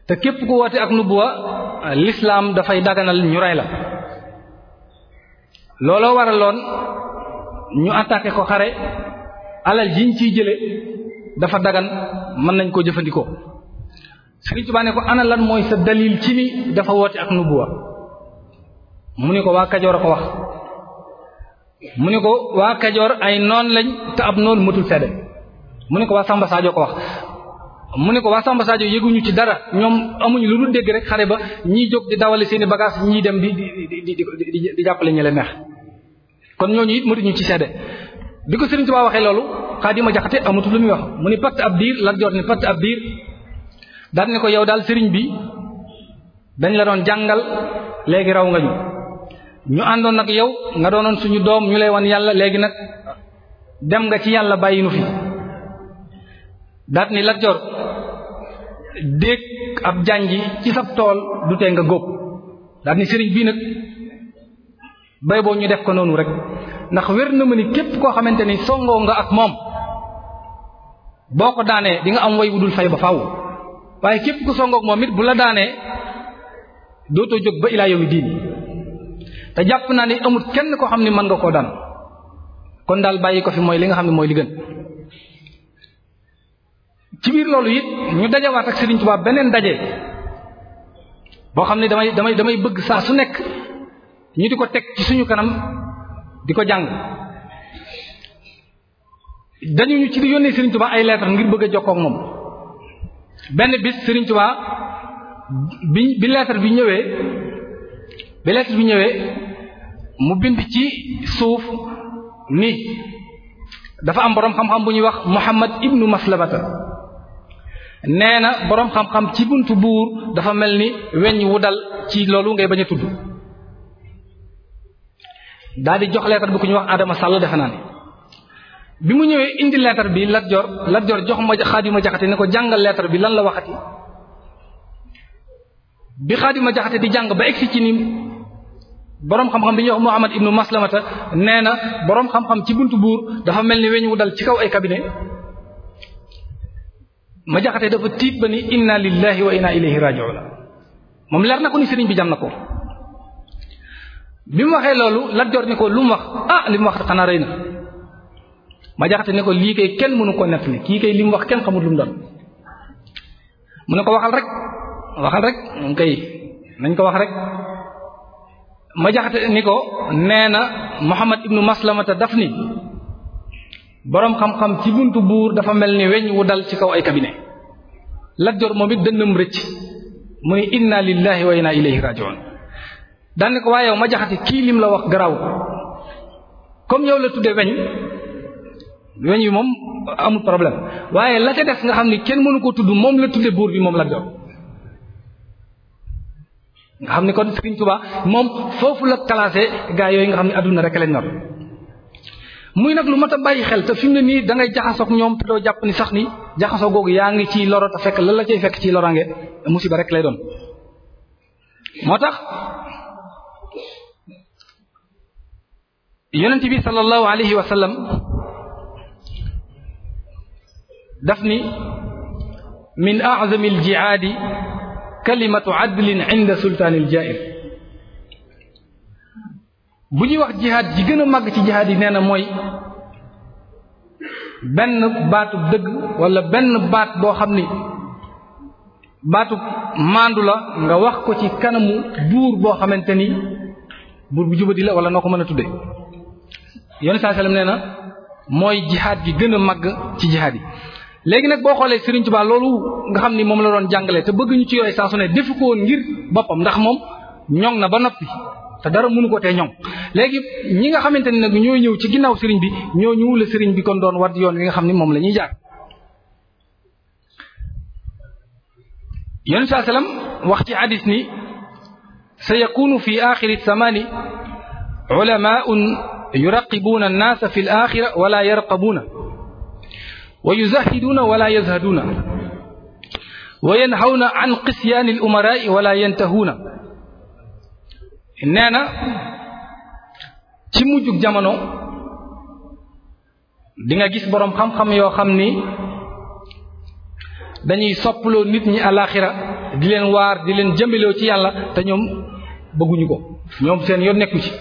te képp ku woote ak nubuwa lislaam dafay daganal ñu ray la looloo waraloon ñu attaqué ko xare alal jiñ ciy jële dafa dagan mën nañ koo jëfandikoo Sëriñ Tuubaa ne ko ana lan mooy sa dalil ci ni dafa woote ak nubuwa mu ni ko waa Kajoor ko wax mu ni ko waa Kajoor ay noon lañ te ab noon mëtul sedde mu ni ko waa Samba saajoo ko wax mu ne ko waa Samba Sadio yëguñu ci dara ñoom amuñu lu dul dégg rek xare ba ñiy jóg di dawali seeni bagage ñiy dem di di di di di jàppale ñi neex kon ñooñu it mënuñu ci seede bi ko si Touba waxee loolu ma Jaxate amatu lu muy wax mu ni patt ab diir Lat jot ni patt ab diir daan ne ko yow daal Serigne bi dañ la doon jàngal léegi raw nga ñu ñu àndoon nag yow nga doonoon suñu doom ñu lay wan yàlla léegi nag dem nga ci yàlla bàyyi nu fi daat ni Lat Joor déeg ab janji ci sab tool du tee nga góob daat ni sëriñ bii nag bay boo ñu def ko noonu rek ndax wér na ma ni képp koo xamante ni songoo nga ak moom boo ko daanee di nga am way wudul fay ba faw waaye képp ku songoo moom it bu la daanee dootoo jóg ba ilaa yawmi diin te jàpp naa ni amul kenn koo xam ne mën nga koo daan kon daal bàyyi ko fi mooy li nga xam ne mooy li gën ci biir loolu it ñu dajawaat ak Serigne Touba beneen daje boo xam ne damay damay damay bëgg saa su nekk ñu di ko teg ci suñu kanam di ko jàng dañu ci di yónnee Serigne Touba ay lettres ngir bëgg a jokkoo moom benn bis Serigne Touba bi bi lettre bi ñëwee bi lettre ñëwee mu bind ci suuf ni dafa am boroom xam-xam bu ñuy wax Muhammad ibnu Maslabata nee na boroom xam-xam ci buntu buur dafa mel ni weñ wu dal ci loolu ngay bañ a tudd daal di jox leetar bu ku ñu wax Adama Sall defe naa ne bi mu ñëwee indi leetar bi Lat Joor Lat Joor jox ma Xaadima Jaxate ne ko jàngal leetar bi lan la waxati bi ma Jaxate di jàng ba egsi ci ni boroom xam-xam bi ñuy Muhammad ibnu Maslamata nee na boroom xam-xam ci buntu buur dafa mel ni weñ wu dal ci kaw ay cabinet ma jaxatee dafa tiit ba ni inna lillahi wa inna ilayhi raji'un moom leer na ko ni sëriñ bi jam na ko bi mu waxee loolu Lat Joor ni ko lu mu wax ah li mu wax xanaa rey na ma jaxate ni ko lii kay kenn mënu ko nettali kii kay li mu wax kenn xamul lu mu doon mu ne ko waxal rek waxal rek moom nañ ko wax rek ma jaxate ni ko nee na Muhammad ibnu Maslamata daf ni boroom xam-xam ci buntu buur dafa mel ni weñ wu dal ci kaw ay kabine Lat Joor moom it dënnam rëcc mu ni inna lillahi wa inna ilayhi rajiun daane ko waaye yow ma jaxati kii lim la wax garaaw comme yow la tudde weñ weñ wi moom amul problème waaye la ca def nga xam ni kenn mënu ko tudd moom la tudde buur bi moom Lat Joor nga xam ni kon Sëriñ Tuubaa moom foofu la classé gaa yooyu nga xam ne àdduna rek lañ ñor muy nag lu mat a bàyyi xel te fi mu ne nii da jaxasoog ñoom te doo jàpp ni sax ni jaxasoo googu yaa ngi ciy loro te fekk lan la cay fekk ci lorange musiba rek lay doon moo tax yonent bi sallallahu alayhi wa sallam daf ni min a'zami al-jihaadi kalimatu adlin inda sultaani al bu ñuy wax jihaad ji gën a màgg ci jihaad yi nee na mooy benn baatu dëgg wala benn baat boo xam ni baatu maandu la nga wax ko ci kanamu buur boo xamante ni buur bu di la wala noo ko mën a tudde yone saa sallam nee na mooy jihaad gi gën a màgg ci jihaad yi léegi nag boo xoolee Serigne Touba loolu nga xam ni moom la doon jàngale te bëgguñu ci yooyu saa su ne defu ko woon ngir boppam ndax moom ñoŋ na ba noppi te dara mënu ko tee ñoŋ léegi ñi nga xamante ni nag ñoo ñëw ci ginnaaw sëriñ bi ñoo ñëw la bi kon doon war yoon wi nga xam ni moom la ñuy jaar. yonent saa salaam wax ci hadis ni sa yakunu fi axiri samaani ulamaun yuraqibuuna annaasa fi l axira wala yarqabuuna wa yuzahiduuna wala yazhaduuna wa yanhawna an qisyaani al umaraa wala yantahuuna nee na ci mujjug jamono di nga gis boroom xam-xam yoo xam ni dañuy soppaloo nit ñi alaxira di leen waar di leen jëmbaloo ci yàlla te ñoom bëgguñu ko ñoom seen yoon nekku ci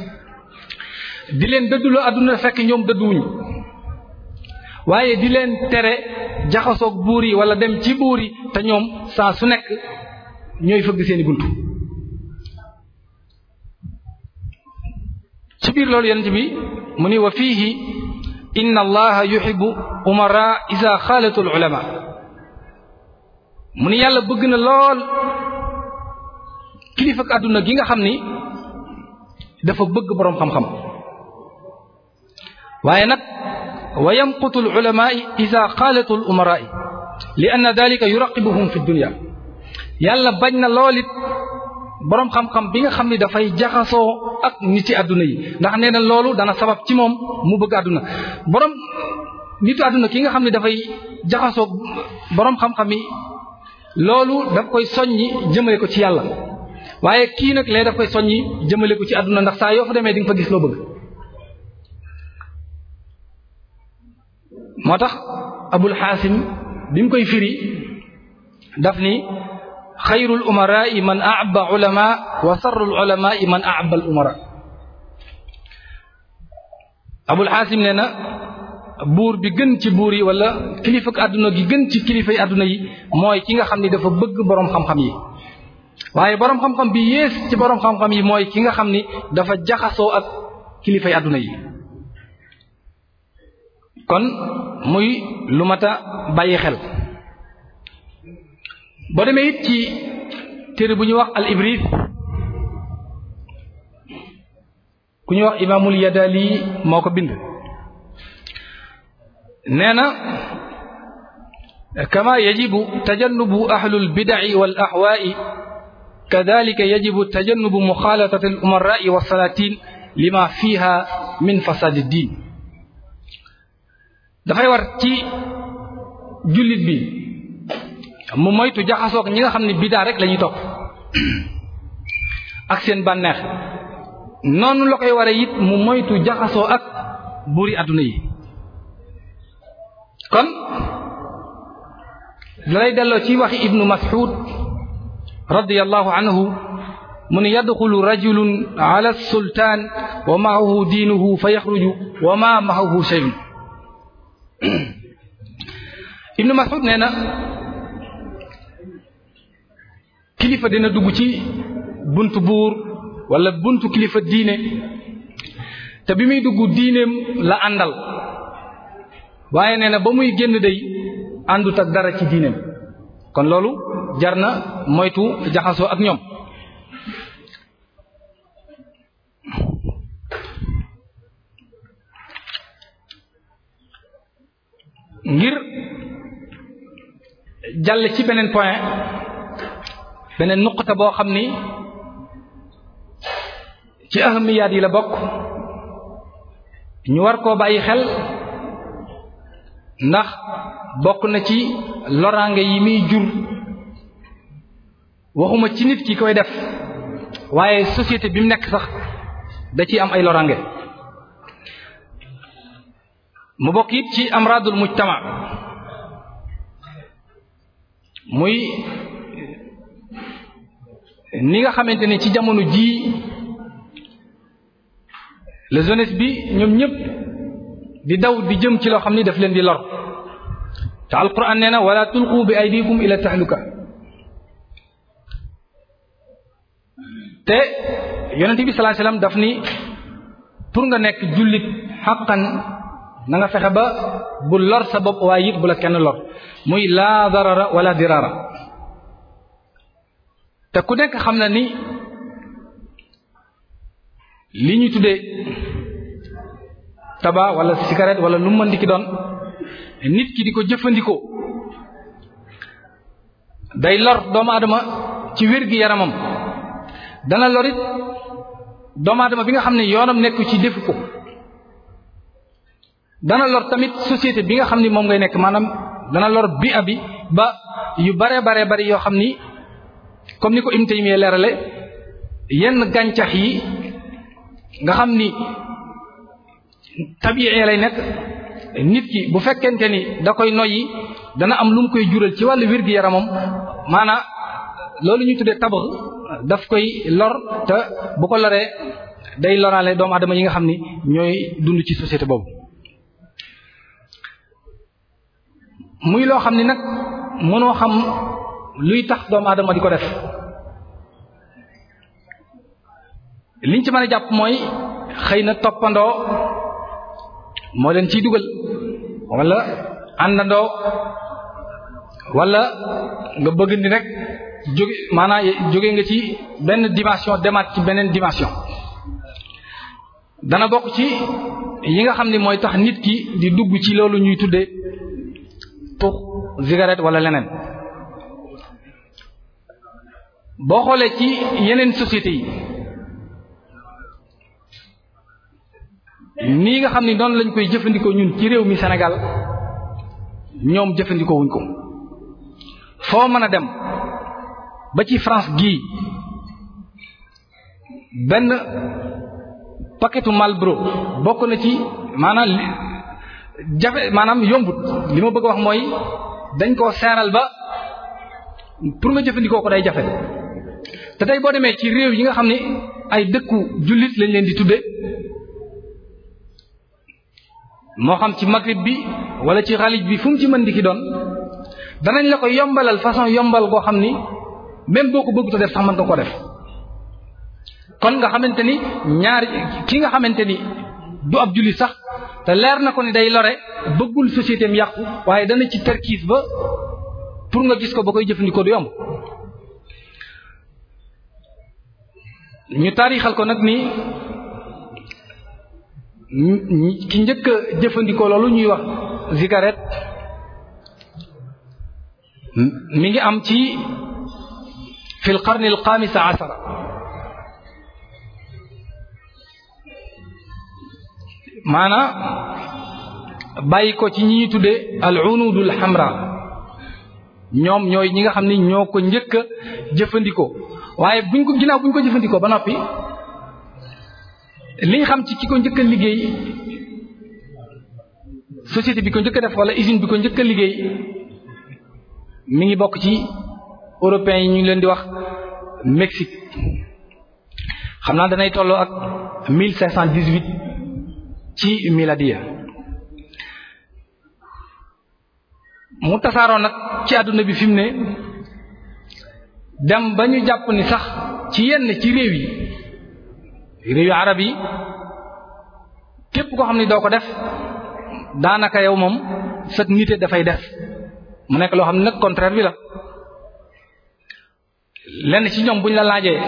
di leen dëdduloo àdduna fekk ñoom dëdduwuñu waaye di leen tere jaxasoog buur yi wala dem ci buur yi te ñoom saa su nekk ñooy fëgg seeni buntu ci biir loolu yonent bi mu ni wa fiihi inna allaha yuhibbu umara isa xaalatu al ulama mu ni yàlla bëgg na lool kilifa ak àdduna gi nga xam ni dafa bëgg boroom xam-xam waaye nag wa yamqutu al ulama isa xaalatu al umara li anna dalika yuraqibuhum fi dunya yàlla bañ na lool it boroom xam-xam bi nga xam ni dafay jaxasoo ak nit ci àdduna yi ndax nee na loolu dana sabab ci moom mu bëgg àdduna boroom nitu àdduna ki nga xam ni dafay jaxasoo boroom xam-xam yi loolu daf koy soññi jëmale ko ci yàlla waaye kii nag lee daf koy soññi jëmale ko ci àdduna ndax saa yoo fa demee di nga fa gis loo bëgg moo tax abul xaasim bi mu koy firi daf ni xayrul umara i man aba ulama wa sarrul ulama i man abal umara abul xaasim nee na buur bi gën ci buur yi wala kilifa àdduna gi gën ci kilifay àdduna yi mooy ki nga xam ni dafa bëgg boroom xam-xam yi waaye boroom xam-xam bi yées ci boroom xam-xam yi mooy ki nga xam ni dafa jaxasoo ak kilifa àdduna yi kon muy lu mat a bàyyi xel boo demee it ci téere bu ñuy wax al ibris ku ñuy wax yadali moo ko bind nee na kama yajibu tajannubu ahlul bidaci wal ahwaai kadalika yajibu tajannubu al umaraai wa salaatin fiha min fasaadi diin dafay war ci jullit bi mu moytu jaxasoog ñi nga xam ne bidaa rek la topp ak seen bànneex noonu la koy mu moytu jaxasoo ak buuri yi kon dalay delloo ci waxi ibnu mas'ud radiyallahu anhu mu ne yadxulu rajulun sultaan wa maahu diinuhu fa yaxruju wa ma maahu shay'un ibnu mas'ud nee kilifa dina dugg ci bunt buur wala buntu kilifa diine te bi muy dugg diineem la àndal waaye nee na ba muy génn day àndut ak dara ci diineem kon loolu jar na moytu jaxasoo ak ñoom ngir jàll ci beneen point beneen nuqta boo xam ni ci ahamiyaat yi la bokk ñu war koo bàyyi xel ndax bokk na ci loraange yi muy jur waxuma ci nit ki koy def waaye société bi mu nekk sax da ciy am ay loraange mu bokk it ci amradul mujtama muy ni nga xamante ni ci jamono jii la jeunesse bi ñoom ñëpp di daw di jëm ci loo xam ni daf leen di lor te alquran nee na wala tulqu bi aydikum ila tahluka te yonent bi sallallahu alayhi daf ni pour nga nekk jullit xaqan na fexe ba bu lor sa bopp waaye it bu la kenn lor muy laa darara wala dirara te ku nekk xam na ni li ñu tuddee taba wala cigarette wala lu mën di ki doon nit ki di ko jëfandikoo day lor doomu aadama ci wér gi yaramam dana lorit doomu aadama bi nga xam ne yoonam nekkul ci defu ko dana lor tamit société bi nga xam ni moom ngay nekk maanaam dana lor bi abi ba yu bare bare bari yoo xam ni comme ni ko Ibn Taymiyya leerale yenn gàncax yi nga xam ni tabi'ee lay nekk nit ki bu fekkente ni da koy noyyi dana am lu mu koy jural ci wàllu wér gi yaramam maanaa loolu ñu tuddee tabax daf koy lor te bu ko loree day loraale doomu aadama yi nga xam ni ñooy dund ci société boobu muy loo xam ni nag mënoo xam luy tax doomu aadama di ko def liñ ci mën a jàpp mooy xëy na toppandoo moo leen ciy dugal wala àndandoo wala nga bëgg ni rek jóge maanaam jóge nga ci benn dimension demaat ci beneen dimension dana bokk ci yi nga xam ni mooy tax nit ki di dugg ci loolu ñuy tuddee tux cigarette wala leneen boo xoolee ci yeneen société yi nii nga xam ni noonu lañ koy jëfandikoo ñun ci réew mi Sénégal ñoom jëfandikoowuñ ko foo mën a dem ba ci France gii benn paketu Marlboro bokk na ci maanaam jafe maanaam yombut li ma bëgg a wax mooy dañ koo seeral ba pour nga jëfandikoo ko day jafe te day boo demee ci réew yi nga xam ne ay dëkku jullit lañ leen di tudde moo xam ci Maghrib bi wala ci Xalij bi fu ci mën di doon danañ la ko yombalal façon yombal goo xam ni même boo ko bëggut a def sax man nga ko def kon nga xamante ni ñaari ki nga xamante ni du ab jullit sax te leer na ko ni day lore bëggul société am yàqu waaye dana ci terkiis ba pour nga gis ko ba koy jëfandikoo du yomb ñu taarixal ko nag ni ki njëkk jëfandikoo loolu ñuy wax zigaret mi ngi am ci fi l qarne al xamisa asara maanaa bàyyi ko ci ñi ñuy tudde al unudul xamra ñoom ñooy ñi nga xam ni ñoo ko njëkk jëfandikoo waaye buñ ko ginnaaw buñ ko jëfandikoo ba noppi liñ xam ci ki ko njëkk liggéey société bi ko njëkk def wala usine bi ko njëkk liggéey mi ngi bokk ci européens yi ñu ngi leen di wax Mexique xam naa danay tolloo ak mille cinq cent dix-huit ci miladiya mu tasaaroon nag ci àdduna bi fi mu ne dem ba ñu jàpp ni sax ci yenn ci réew yi réew yu arab yi képp koo xam ne doo ko def daanaka yow moom sag nite dafay def mu nekk loo xam ne nag contraire bi la lenn ci ñoom bu ñu la laajee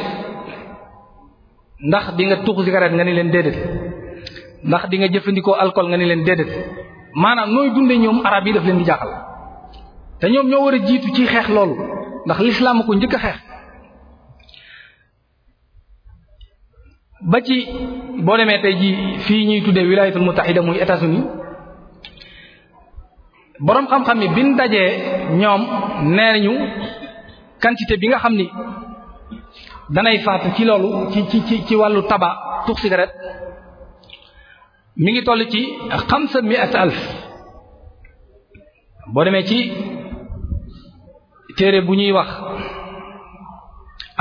ndax di nga tuux cigarette nga ni leen déedéet ndax di nga jëfandikoo alcool nga ni leen déedéet maanaam nooy dunde ñoom arab yi daf leen di jaaxal te ñoom ñoo war jiitu ci xeex loolu ndax lislaam ko njëkk xeex ba ci boo demee tey jii fii ñuy tuddee wilayatul mutahida muy États-Unis boroom xam-xam yi biñ dajee ñoom nee nañu quantité bi nga xam ni danay faatu ci loolu ci ci ci wàllu taba tux cigarette mi ngi toll ci xamsa mi'at alf boo demee ci téere bu ñuy wax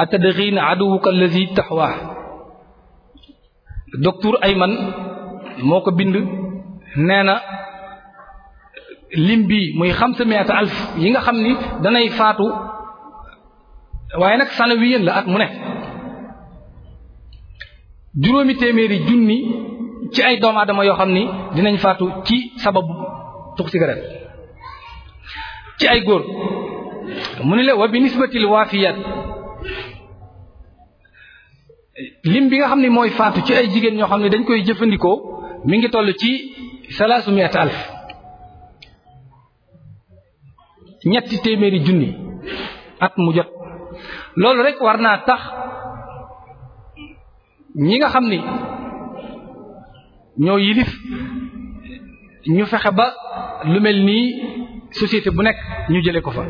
atadxiin aduwuka allazi taxwa ay man moo ko bind nee na lim bi muy xamsa miata alf yi nga xam ni danay faatu waaye nag sanawiyen la at mu ne juróomi téeméeri junni ci ay doomu aadama yoo xam ni dinañ faatu ci sababu tux cigarette ci ay góor mu ne la wa bi nisbatil waafiyat lim bi nga xam ne mooy faatu ci ay jigéen ñoo xam ne dañ koy jëfandikoo mi ngi toll ci salaasu miat alf ñetti téeméeri junni at mu jot loolu rek war naa tax ñi nga xam ni ñoo yilif ñu fexe ba lu mel nii société bu nekk ñu jële ko fa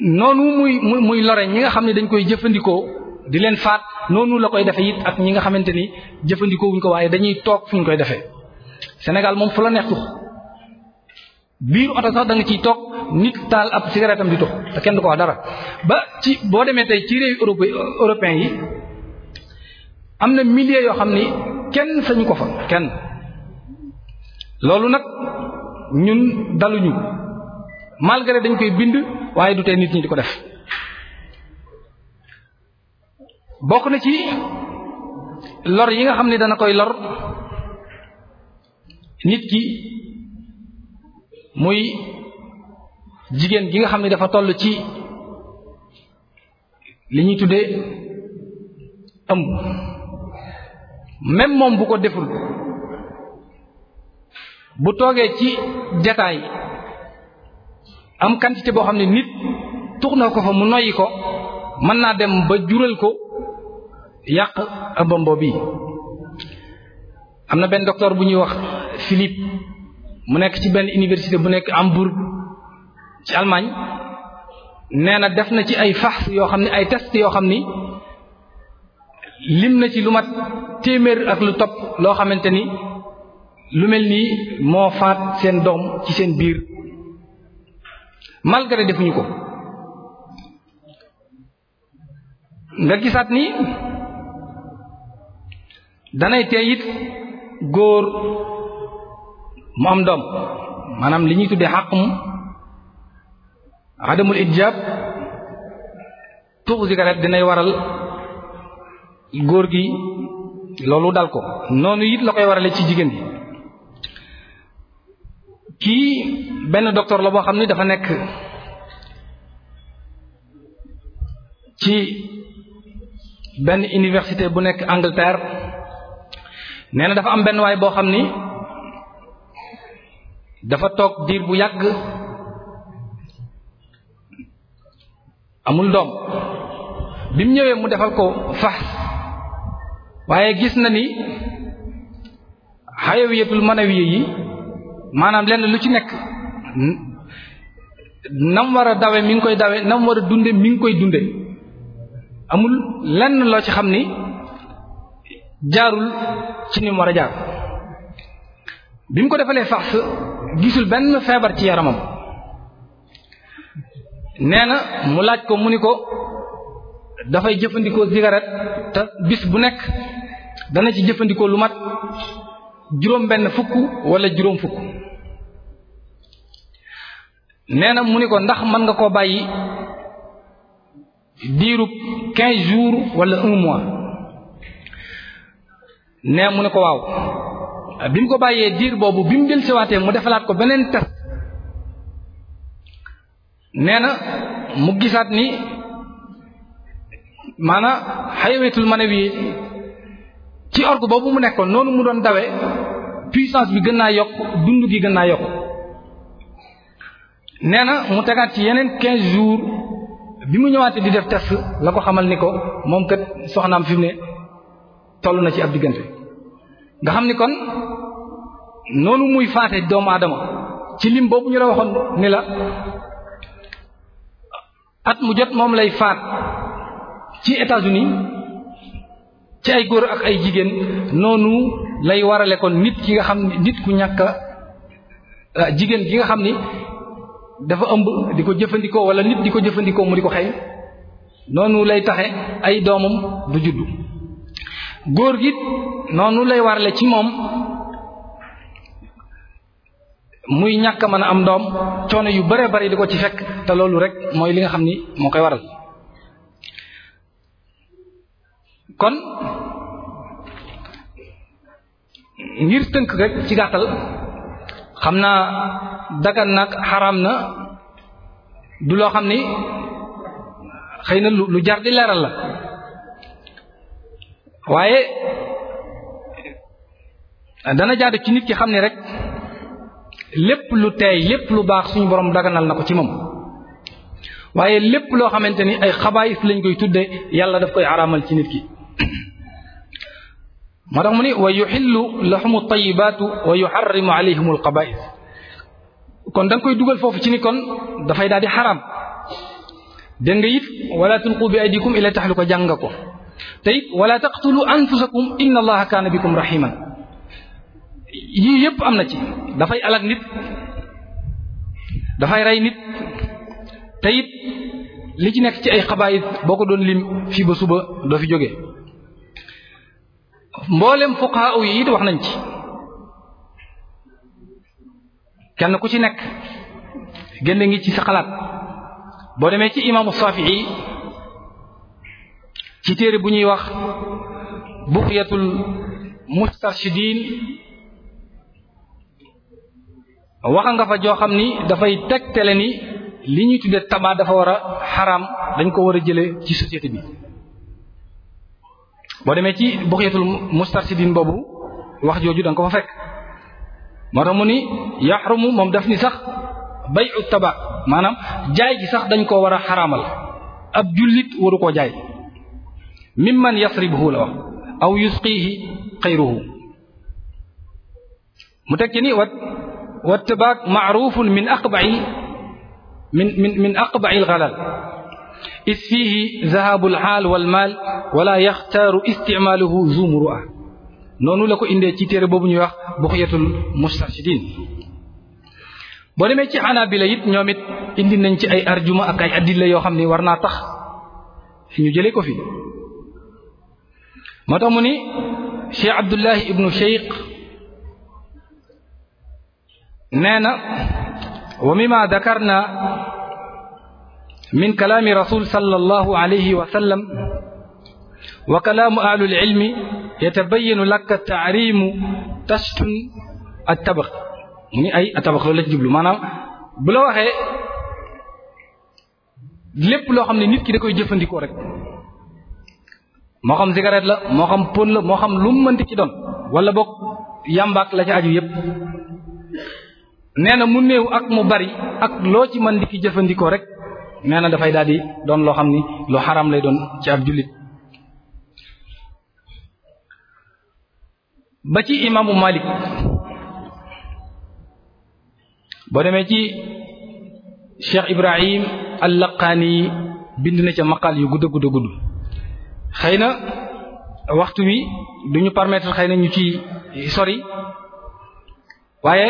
noonu muy muy muy lore ñi nga xam ne dañ koy jëfandikoo di leen faat noonu la koy defe it ak ñi nga xamante ni jëfandikoo ko waaye dañuy toog fuñ koy defee Sénégal moom fu la neex tux biir oto sax da ciy toog nit taal ab cigarette am di tux te kenn du ko wax dara ba ci boo demee tey ci réew Europe européen yi am na millier yoo xam ni kenn sañu ko fa kenn loolu nag ñun daluñu malgré dañ koy bind waaye du tee nit ñi di ko def bokk na ci lor yi nga xam ne dana koy lor nit ki muy jigéen gi nga xam ne dafa toll ci li ñuy tuddee ëmb même moom bu ko deful bu toogee ci jataay am quantité boo xam ne nit tux na ko fa mu noyyi ko mën naa dem ba jural ko yàq ëmbam bi am na benn docteur bu ñuy wax Philippe mu nekk ci benn université bu nekk Hambourg ci Allemagne nee na def na ci ay fax yoo xam ne ay test yoo xam ni lim na ci lu mat téeméer ak lu topp loo xamante ni lu mel nii moo faat seen doom ci seen biir malgré defuñu ko nga gisaat ni danay tee it góor mu am doom maanaam li ñuy tuddee xàq mu adamul ijab tuux sigaret dinay waral góor gi loolu dal ko noonu it la koy warale ci jigéen bi kii benn docteur la boo xam ni dafa nekk ci benn université bu nekk Angleterre nee na dafa am benn waay boo xam ni dafa toog diir bu yàgg amul doom bi mu ñëwee mu defal ko fax waaye gis na ni xayawiyatul manawiya yi maanaam lenn lu ci nekk nam war dawe mi ngi koy dawe nam war a dunde mi ngi koy dunde amul lenn loo ci xam ni jaarul ci ni war a jaar bi mu ko defalee fax gisul benn feebar ci yaramam nee na mu laaj ko mu ni ko dafay jëfandikoo cigarette te bis bu nekk dana ci jëfandikoo lu mat juróom benn fukk wala juróom fukk nee na mu ni ko ndax mën nga koo bàyyi diiru quinze jours wala un mois nee mu ne ko waaw bi mu ko bàyyee diir boobu bi mu jël siwaatee mu defalaat ko beneen test nee na mu gisaat ni maanaam xayawetul manawi ci orgu boobu mu nekkoon noonu mu doon dawe puissance bi gën naa yokk dund gi gën naa yokk nee na mu tegaat ci yeneen 15 jours bi mu ñëwaate di def test la ko xamal ni ko moom kat soxnaam fi ne toll na ci ab diggante nga xam ni kon noonu muy faate doomu aadama ci lim boobu ñu la waxoon ni la at mu jot moom lay faat ci états ci ay góor ak ay jigéen noonu lay warale kon nit ki nga xam ni nit ku ñàkk ah, jigéen ki nga xam ni dafa ëmb di ko jëfandikoo wala nit di ko jëfandikoo mu di ko xëy noonu lay taxe ay doomam du juddu góor gi noonu lay warale ci moom muy ñàkk a mën a am doom coono yu bare bari di ko ci fekk te loolu rek mooy li nga xam ni moo koy waral kon ngir tënk rek ci gàttal xam naa dagan nag xaraam na du loo xam ni xëy na lu jar di leeral la waaye dana jaadu ci nit ki xam ni rek lépp lu teey lépp lu baax suñu borom daganal na ko ci moom waaye lépp loo xamante ni ay xabaayis lañ koy tudde yàlla daf koy aramal ci nit ki moo tax mu ni wa yuxillu lahum tayibaatu wa yuxarrimu alayhim alxabais kon da nga koy dugal foofu ci ni kon dafay daal di xaraam dégg nga la wala tulqu bi aydikum ila taxluka jàng nga ko te it wala taqtulu anfusakum inna allaha kaana bikum rahiman yii yëpp am na ci dafay alak nit dafay rey nit te li ci nekk ci ay xabaayit boo ko doon lim fii ba suba doo fi jóge mboolem fuqaaw yi it wax nañ ci kenn ku ci nekk génn ngi ci sa xalaat boo demee ci imaamu Shafii ci téere bu ñuy wax buqyatul mustarshidiin wax nga fa joo xam ni dafay tegtale ni li ñuy tudde tabac dafa war a xaraam dañ ko war a jële ci société bi boo demee ci buxiyatul mustarsidin boobu wax jooju da ko fa fekk moo tax mu ni yaxrumu moom daf ni sax bayu tabac maanaam jaay gi sax dañ koo war a xaraamal ab jullit waru koo jaay mimman yasribuhu la wax aw yusqihi xayruhu mu teg ci ni wat wat tabac maarufun min aqbai min min min aqbai alxalal is fiihi zahabul xaal wa maal wala yaxtaaru isticmaaluhu zu murua noonu la ko indee ci téere boobu ñuy wax buxyatul mustarshidin boo demee ci xanaabila it ñoom it indi nañ ci ay arjuma ak ay addilla yoo xam ni war naa tax ñu jëlee ko fi moo mu ni cheikh abdullahi ibnu cheikh nee na wa mima dakarna min kalaami rasul sallallahu alayhi wa sallam wa kalaamu ahlul ilmi yatabayanu laka taarimu tashtun ak tabax ni ay tabax loolu la ci jublu maanaam bu la waxee lépp loo xam ne nit ki da koy jëfandikoo rek moo xam cigarette la moo xam pon la moo xam lu mu mënti ci doon wala boog yàmbaak la ci aju yépp nee na mu néew ak mu bari ak loo ci mën ki jëfandikoo rek nee na dafay daal doon loo xam ni lu xaram lay doon ci ab jullit ba ci imaamu Malik boo demee ci Cheikh Ibrahim al-Laqani bind na ca maqal yu gudd a gudd a xëy na waxtu wi du ñu permettre xëy na ñu ci sori waaye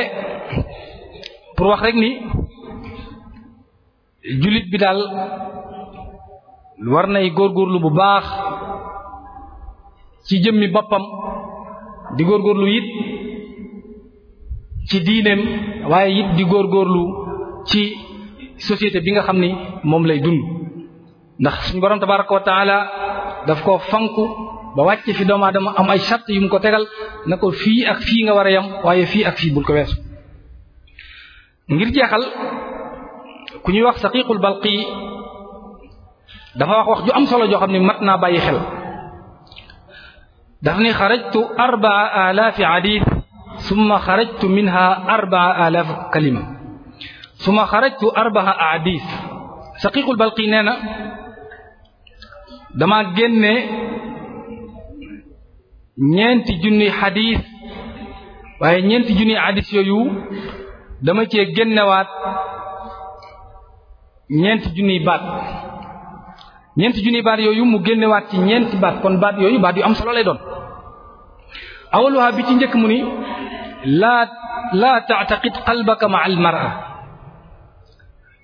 pour wax rek ni jullit bi daal war nay góorlu bu baax ci jëmmi boppam di góorgóorlu it ci diineem waaye it di góor góorlu ci société bi nga xam ni moom lay dund ndax suñu borom tabaraka wa taala daf koo fanku ba wàccee fi doomu aadama am ay sart yu mu ko tegal na ko fii ak fii nga war a yam waaye fii ak fii bul ko weesu ngir jeexal ku ñuy wax saqiqul balqi dafa wax wax ju am solo joo xam ne mat naa bàyyi xel daf ni xarajtu arbaa alaafi hadith summa xarajtu minha arbaa alaaf kalima summa xarajtu arbaa hadith saqiqul balqi nee na dama génne ñeenti junni hadith waaye ñeenti junni hadith yooyu dama cee génnewaat ñeenti junniy baat ñeenti junniy baat yooyu mu génnewaat ci ñeenti baat kon baat yooyu baat yu am solo lay doon awaluha bi ci njëkk mu ni laa laa taataqid qalbaka ma al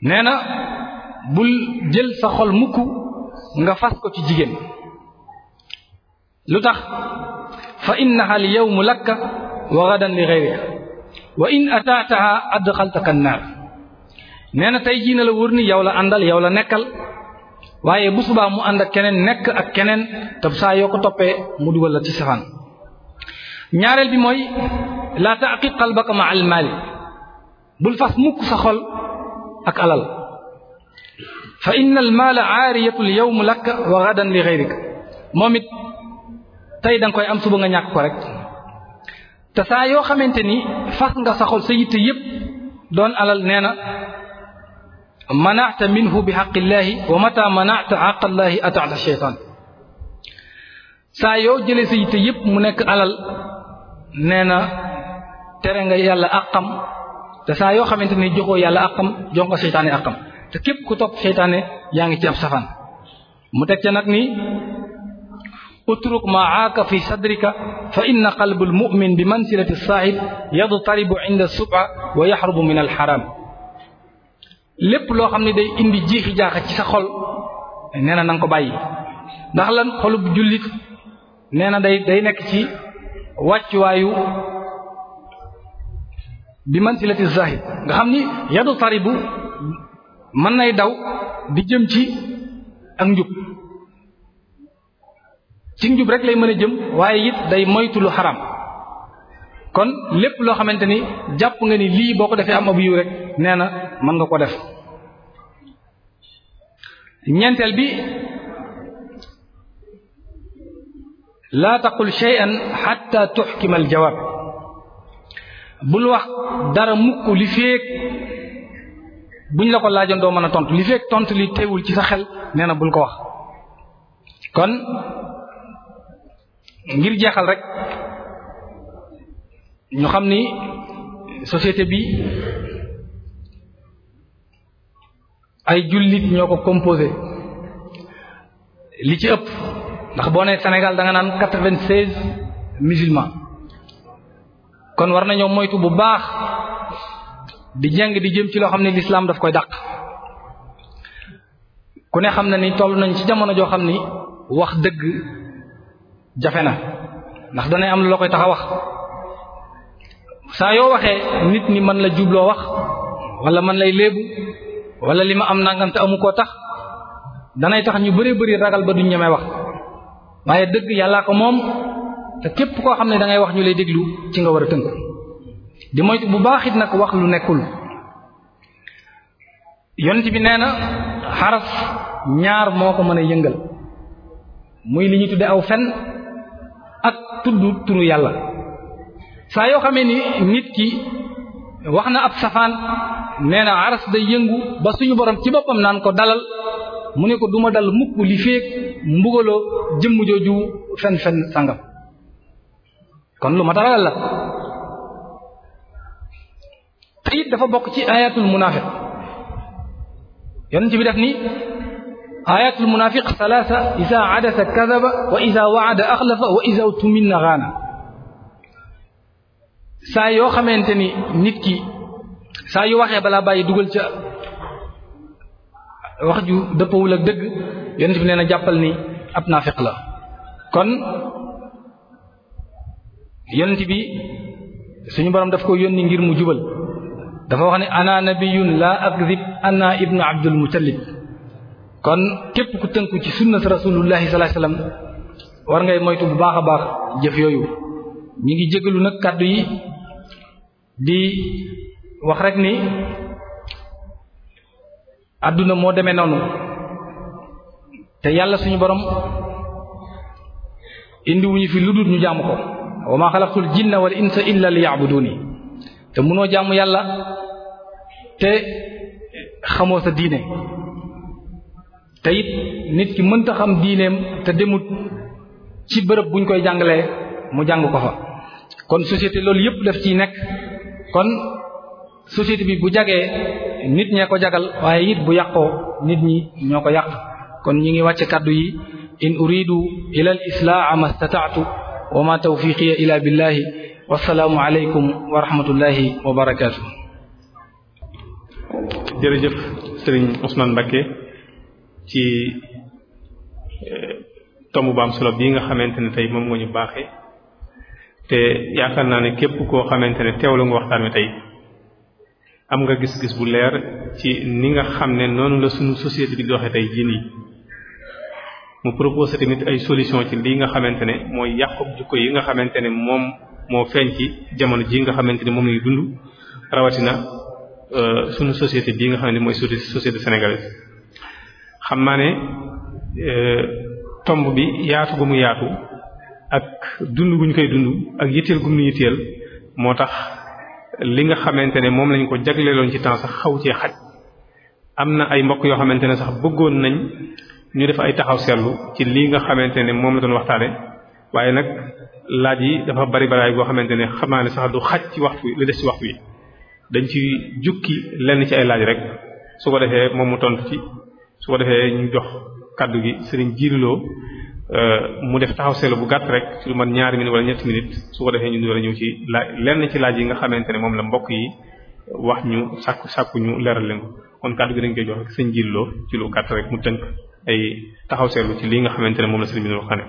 nee na bul jël sa xol mukk nga fas ko ci jigéen lu tax fa innaha al mu lakk wa gadan li ghayriha wa in ataataha adxaltaka annaar nee na tey jii na la wër ni yow la àndal yow la nekkal waaye bu subaa mu ànd ak keneen nekk ak keneen te saa yoo ko toppee mu dugal la ci safaan ñaareel bi mooy laa taqiq qalbaka ma al maali bul fas mukk sa xol ak alal fa inna al maala aariyatul yawm lak wa gadan li gayrik moom it tey da koy am suba nga ñàkk ko rek te saa yoo xamante ni fas nga sa xol sa yitte yépp doon alal nee na manacta minhu bi xaqillahi wa mata manacta xaqallaahi ataata cheytaan saa yow jëlee sa yitte yépp mu nekk alal nee na tere nga yàlla àqam te saa yoo xamante ni joxoo yàlla àqam jox nga seytaane àqam te képp ku topp seytaane yaa ngi ci ab safaan mu teg ca nag ni utruk ma aaka fi sadrika fa inna qalbul mu'min bi mansilati saaxib yadtaribu inda suba wa yaxrubu min alxaram lépp loo xam ne day indi jiixi jaaxa ci sa xol nee na na ko bàyyi ndax lan xolub jullit nee na day day nekk ci wàccuwaayu bi mansilati zahid nga xam ni yadu bu mën nay daw di jëm ci ak njub ci njub rek lay mën a jëm waaye it day moytulu lu xaram kon lépp loo xamante ni jàpp nga ni lii boo ko defee am ab yiw rek nee na mën nga ko def ñeenteel bi laa taqul shay'an xatta tuxkima al jawaab bul wax dara mukk li feek buñ la ko laajoon doo mën a tontu li feek tontu li teewul ci sa xel nee na bul ko wax kon ngir jeexal rek ñu xam ni société bi ay jullit ñoo ko composé li ci ëpp ndax boo nee Sénégal da nga naan quatre-vingt-seize kon war nañoo moytu bu baax di jàng di jëm ci loo xam ne lislaam daf koy dàq ku ne xam na ni toll nañ ci jamono joo xam ni wax dëgg jafe na ndax danay am lu la koy tax wax saa yoo waxee nit ñi mën la jubloo wax wala man lay léebu wala li ma am nangam te amu koo tax danay tax ñu bëree bëri ragal ba duñ ñemee wax waaye dëgg yàllaa ko moom te képp koo xam ne dangay wax ñu lay déglu ci nga war a tënk di moytu bu baax it nag wax lu nekkul yonent bi nee na xaras ñaar moo ko mën a yëngal muy li ñu tudde aw fen ak tudd turu yàlla saa yoo xamee ni nit ki wax na ab safaan nee na aras day yëngu ba suñu borom ci boppam naan ko dalal mu ne ko duma dal mukk li feek mbugaloo jëmm jooju fen sangam kon lu ma taxalal la te dafa bokk ci ayatul munaafiq ci bi def ni ayatul munaafiq salaasa isa adasa kadaba wa isa waada axlafa saa yoo xamante ni nit ki saa yu waxee balaa bàyyi dugal ca wax ju dëppawul ak dëgg yonent bi nee na jàppal ni ab naafiq la kon yonent bi suñu borom daf ko yónni ngir mu jubal dafa wax ne ana nabiyun la akdib ana ibnu abdul muttalib kon képp ku tënku ci sunnat rasulullahi sallallahu alayhi wasallam war ngay moytu bu baax a baax jëf yooyu ñi ngi jégalu nag kàddu yi di wax rek ni àdduna moo demee noonu te yàlla suñu borom indiwuñu fi lu dul ñu jàmm ko wa ma xalaqtul jinna wal insa illa liya'buduni te mënoo jàmm yàlla te xamoo sa diine te nit ki mënta xam diineem te demut ci bërëb buñ koy jàngalee mu jàng ko fa kon société loolu yépp daf ciy nekk kon société bi bu jagee nit ñee ko jagal waaye it bu yàqoo nit ñi ñoo ko yàq kon ñi ngi wàcce kàddu yi in uridu ila al islaaha ma stata'tu wa ma tawfiqiya ila billahi wasalaamu aleykum wa rahmatullahi wa barakaatu jërëjëf sëriñ Ousmane Mbacké ci eh, tomb baam solo bii nga xamante ne tey moom nga ñu baaxee te yaakaar naa ne képp koo xamante ne teew la nga waxtaan wi tey am nga gis-gis bu leer ci ni nga xam ne noonu la suñu société bi doxee tey jii mu proposé ay solution ci lii nga xamante ne mooy yàqub jikko yi nga xamante ne moom moo feeñ ci jamono ji nga xamante ne moom lañuy dund rawatina euh, sunu société bii nga xam ne mooy société sénégalaise xam naa ne euh, tomb bi yaatu gu mu yaatu ak dund gu ñu koy dund ak yitteel gu mu yitteel moo tax li nga xamante ne moom lañ ko jagleeloon ci temps sax xaw cee xaj am na ay mbokk yoo xamante ne sax bëggoon nañ ñu def ay taxaw seetlu ci li nga xamante ne moom la doon waxtaane waaye nag laaj yi dafa bari baraay boo xamante ne xam naa ne sax du xaj ci waxtu wi li des ci waxtu wi dañ ci jukki lenn ci ay laaj rek su ko defee moom mu tontu ci su ko defee ñu jox kàddu gi sëriñ jiiriloo Euh, mu def taxaw seetlu bu gàtt rek ci lu man ñaari minutes wala ñetti minutes su ko defee ñu war a ñëw ci laaj lenn ci laaj yi nga xamante ne moom la mbokk yi wax ñu sàkku sàkku ñu leeral leen ko kon kàddu gi dañ koy jox rek sëñ jilloo ci lu gàtt rek mu tënk ay taxaw seetlu ci lii nga xamante ne moom la sëriñ bi wax ne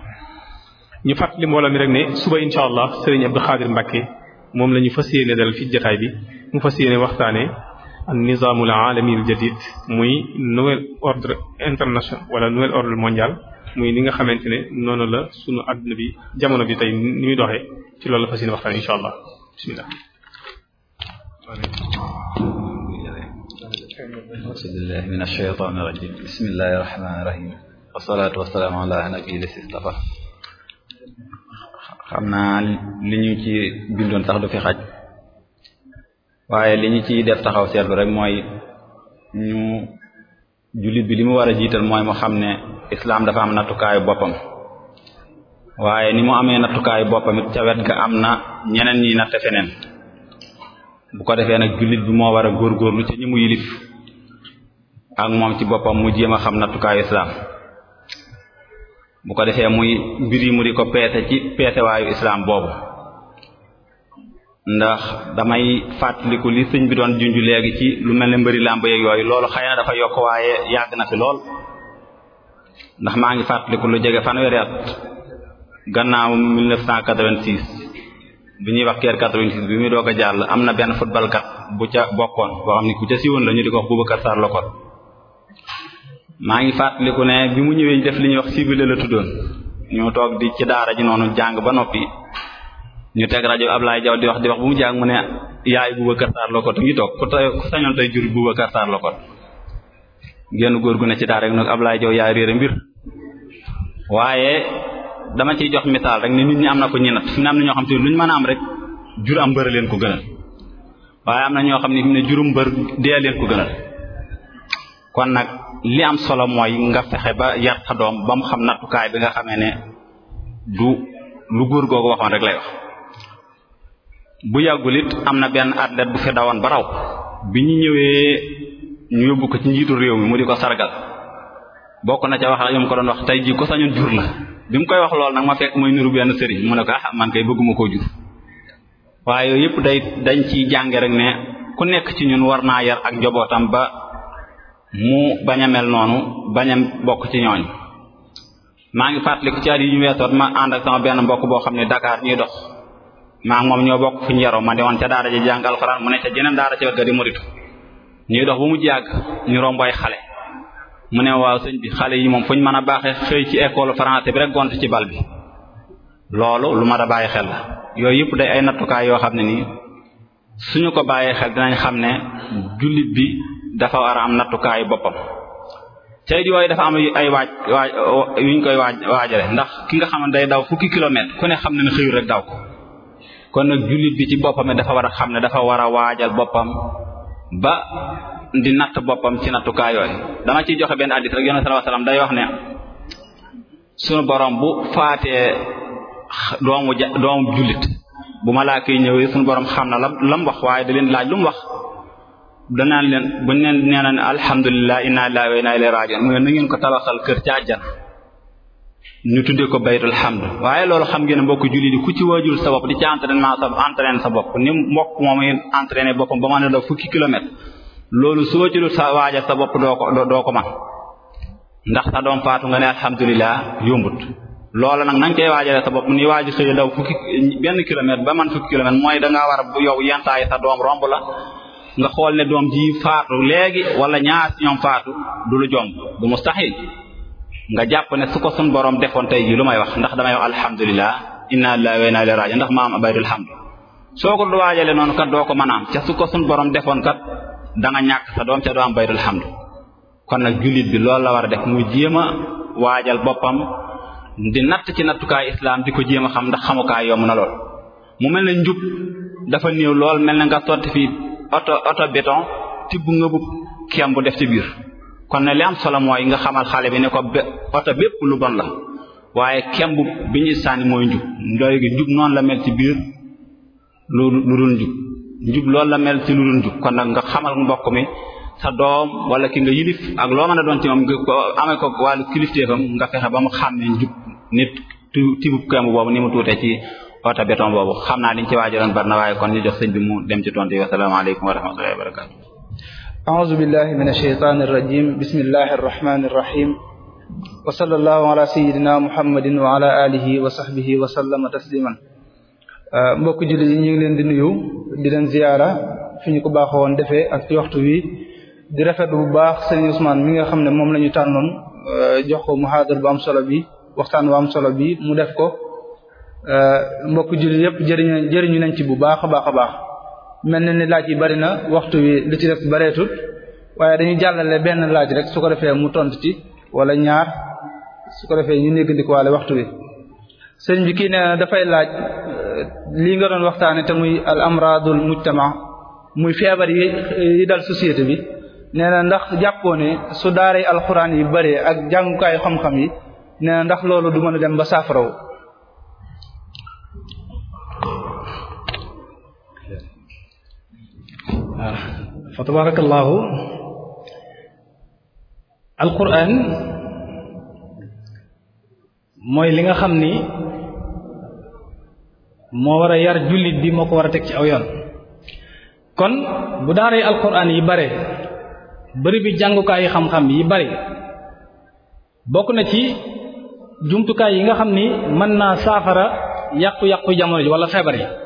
ñu fàttali mbooloo mi rek ne suba incha allah sëriñ Abdou Khadir Mbacke moom la ñu fas yéene dal fi jotaay bi mu fas yéene waxtaanee an nizaamul alami al jadid muy nouvel ordre international wala nouvel ordre mondial muy ni nga xamante ne noonu la sunu àdduna bi jamono bi tey ni muy doxee ci loolu la fas yéene waxtaan incha allah bismillah أعوذ بالله من الشيطان الرجيم بسم الله الرحمن الرحيم والصلاة xam naa li ñu ci bindoon sax du fi xaj waaye li ñu ci def taxaw seetlu rek mooy ñu jullit bi li mu war a jiital mooy mu xam ne islaam dafa am nattukaayu boppam waaye ni mu amee nattukaayu boppam ca wet ga am na ñeneen ñi natte feneen bu ko defee nag jullit bi moo war a góorgóorlu ci ñi mu yilif ak moom ci boppam mu jéem a xam nattukaayu islaam bu ko defee muy mbir yi mu di ko peete ci peetewaayu islaam boobu ndax damay fàttaliku li sëñ bi doon junj léegi ci lu mel ne mbari làmb yeeg yooyu loolu xëy na dafa yokk waaye yàgg na fi lool ndax maa ngi fàttaliku lu jege fanweeri gannaaw 1986 bi ñuy wax keer 86 bi muy doog a jàll am na benn footballkat bu ca bokkoon boo xam ne ku ca siiwoon la ñu di ko wax Boubacar Sarr maa ngi fàttaliku ne bi mu ñëwee def li ñuy wax ciblé la tuddoon ñu toog di ci daara ji noonu jàng ba noppi. ñu teg rajo Ablaye Diaw di wax di wax bu mu jàng mu ne yaay Boubacar Sarr Lokoto ngi toog ku tey ku jur Boubacar Sarr Lokoto génn góor gu ne ci daara rek nag Ablaye Diaw yaay réere mbir waaye dama ciy jox misaal rek ne nit ñi am na ko ñi nat fi ne am na ñoo xam te a rek jur am mbër leen ko gënal na ñoo xam ne fi mu mbër dee leen ko gënal kon nag li am solo mooy nga fexe ba yar sa doom ba mu xam nattukaay bi nga xamee ne du lu góor googu waxoon rek lay wax bu yàggul it am na benn atlet bu fi dawoon ba bi ñu ñëwee ñu yóbbu ko ci njiitu réew mi mu di ko sargal bokk na ca wax yom ko doon wax tey jii ko sañoon jur la bi mu koy wax lool nag ma fekk muy niru benn sëriñ mu ne ko ah man kay bëgguma koo jur waaye yooyu yëpp day dañ ciy jànge rek ne ku nekk ci ñun war naa yar ak njobootam ba mu bañ a mel noonu bañ a bokk ci ñooñ maa ngi fàttaliku ci at yi ñu weesoon ma ànd ak sama benn mbokk boo xam ne dakaar ñuy dox maa moom ñoo bokk fi ñu yaroo man de woon ca daara ji jàng alxuraan mu ne ca jeneen daara ca ga di muritu ñuy dox bu mu yàgg ñu romboy xale mu ne waaw sëñ bi xale yi moom fu ñu mën a baaxee xëy ci école français bi rek gont ci bal bi loolu lu ma a bàyyi xel la yooyu yëpp day ay nattukaay yoo xam ne nii suñu ko bàyyee xel dinañ xam ne jullit bi dafa war a am nattukaayu boppam te it yooyu dafa am ay waaj waaj yuñ koy waaj waajale ndax ki nga xam day daw fukki kilomètre ku ne xam ne ne xëyul ko kon nag jullit bi ci boppam dafa war a xam ne dafa war a waajal boppam ba di natt boppam ci nattukaay yooyu dama ciy joxe benn addis rek yonent sallallahu alayhi day wax ne sunu borom bu faatee doomu ja doomu jullit bu malaaka yi ñëwee sunu borom xam na lam lam wax waaye da laaj lu mu wax danaan leen buñ leen nee na ne alhamdulilah inna lillahi wa inna ilayhi mu ne na ko tabaxal kër ca ñu tuddee ko baytul hamd waaye loolu xam ngeen mbokk julli di ku ci waajul sa bopp di ci entraînement sa entraîné sa bopp ni mbokk moom entraîné boppam ba mën a dox fukki kilomètre loolu soo ci lu sa waaja sa bopp doo ko doo ko man ndax sa doom faatu nga ne alhamdulilah yombut loola nag na nga koy waajale sa bopp ni waaju sooy daw fukki benn kilomètre ba man fukki kilomètre mooy dangaa war a bu yow yenn sa doom romb la nga xool ne doom ji faatu léegi wala ñaar si ñoom faatu du lu jomb du mustahil nga jàpp ne su ko sun borom defoon tey ji lu may wax ndax damay wax alhamdulilah inna lillahi wa inna ilayhi raji'un ndax maam abaydul hamd soo ko waajale noonu kat doo ko mën a am ca su ko sun borom defoon kat da ñàkk sa doom ca doo am abaydul hamd kon nag jullit bi loolu la war a def mu jéem a waajal boppam di natt ci nattukaay islam di ko jéem a xam ndax xamukaay yomb na lool mu mel ne njub dafa néew lool mel na nga sotti fii oto oto béton tibb nga bu bu def ci biir kon ne li am solo mooy nga xamal xale bi ne ko oto bépp lu bon la waaye kemb bi ñuy sànni mooy njub ndoy gi njub noonu la mel ci biir lu lu dul njub njub loolu la mel ci lu dul njub kon nag nga xamal mbokk mi sa doom wala ki nga yilif ak loo mën a doon ci moom nga amee ko wàllu kilifteefam nga fexe ba mu xam ni njub nit tibub kemb boobu ni mu tuutee ci oto béton boobu xam naa liñ ci waajaroon bari na waaye kon ñu jox sëñ bi mu dem ci tontu yi wasalaamaaleykum أعوذ بالله من الشيطان الرجيم بسم الله الرحمن الرحيم وصلى الله على سيدنا محمد وعلى آله وصحبه وسلم تسليما mbokk jullit yi ñu ngi leen di nuyu di leen ziyaara fi ñu ko woon defee ak ci wi di rafet bu baax Serigne Ousmane mi nga xam ne moom la ñu tànnoon uh, jox ko muhaadar bu am solo bi waxtaan bu am solo bi mu def ko uh, mbokk jullit yëpp jëriñu jëriñu nañ ci bu baax a baax a baax mel na ni laaj yi bari na waxtu wi li ci def bareetut waaye dañuy jàllale benn laaj rek su ko defee mu tontu ci wala ñaar su ko defee ñu waale waxtu wi sëñ bi kii nee na dafay laaj euh, li nga doon waxtaane te muy al amradul mujtama muy feebar yi dal société bi nee na ndax jàppoo ne su daaray alxuraan yi bëree ak jàngukaayu xam-xam yi nee na ndax loolu du mën a dem ba saafaraw waaw fa tabarakallahu alquran mooy li nga xam ni moo war a yar jullit bi moo ko war a teg ci aw yoon kon bu daaray alquran yi bare bëri bi jàngukaay yi xam-xam yi bari bokk na ci jumtukaay yi nga xam ni mën naa saafara yàqu-yàqu jamono ji wala feebar yi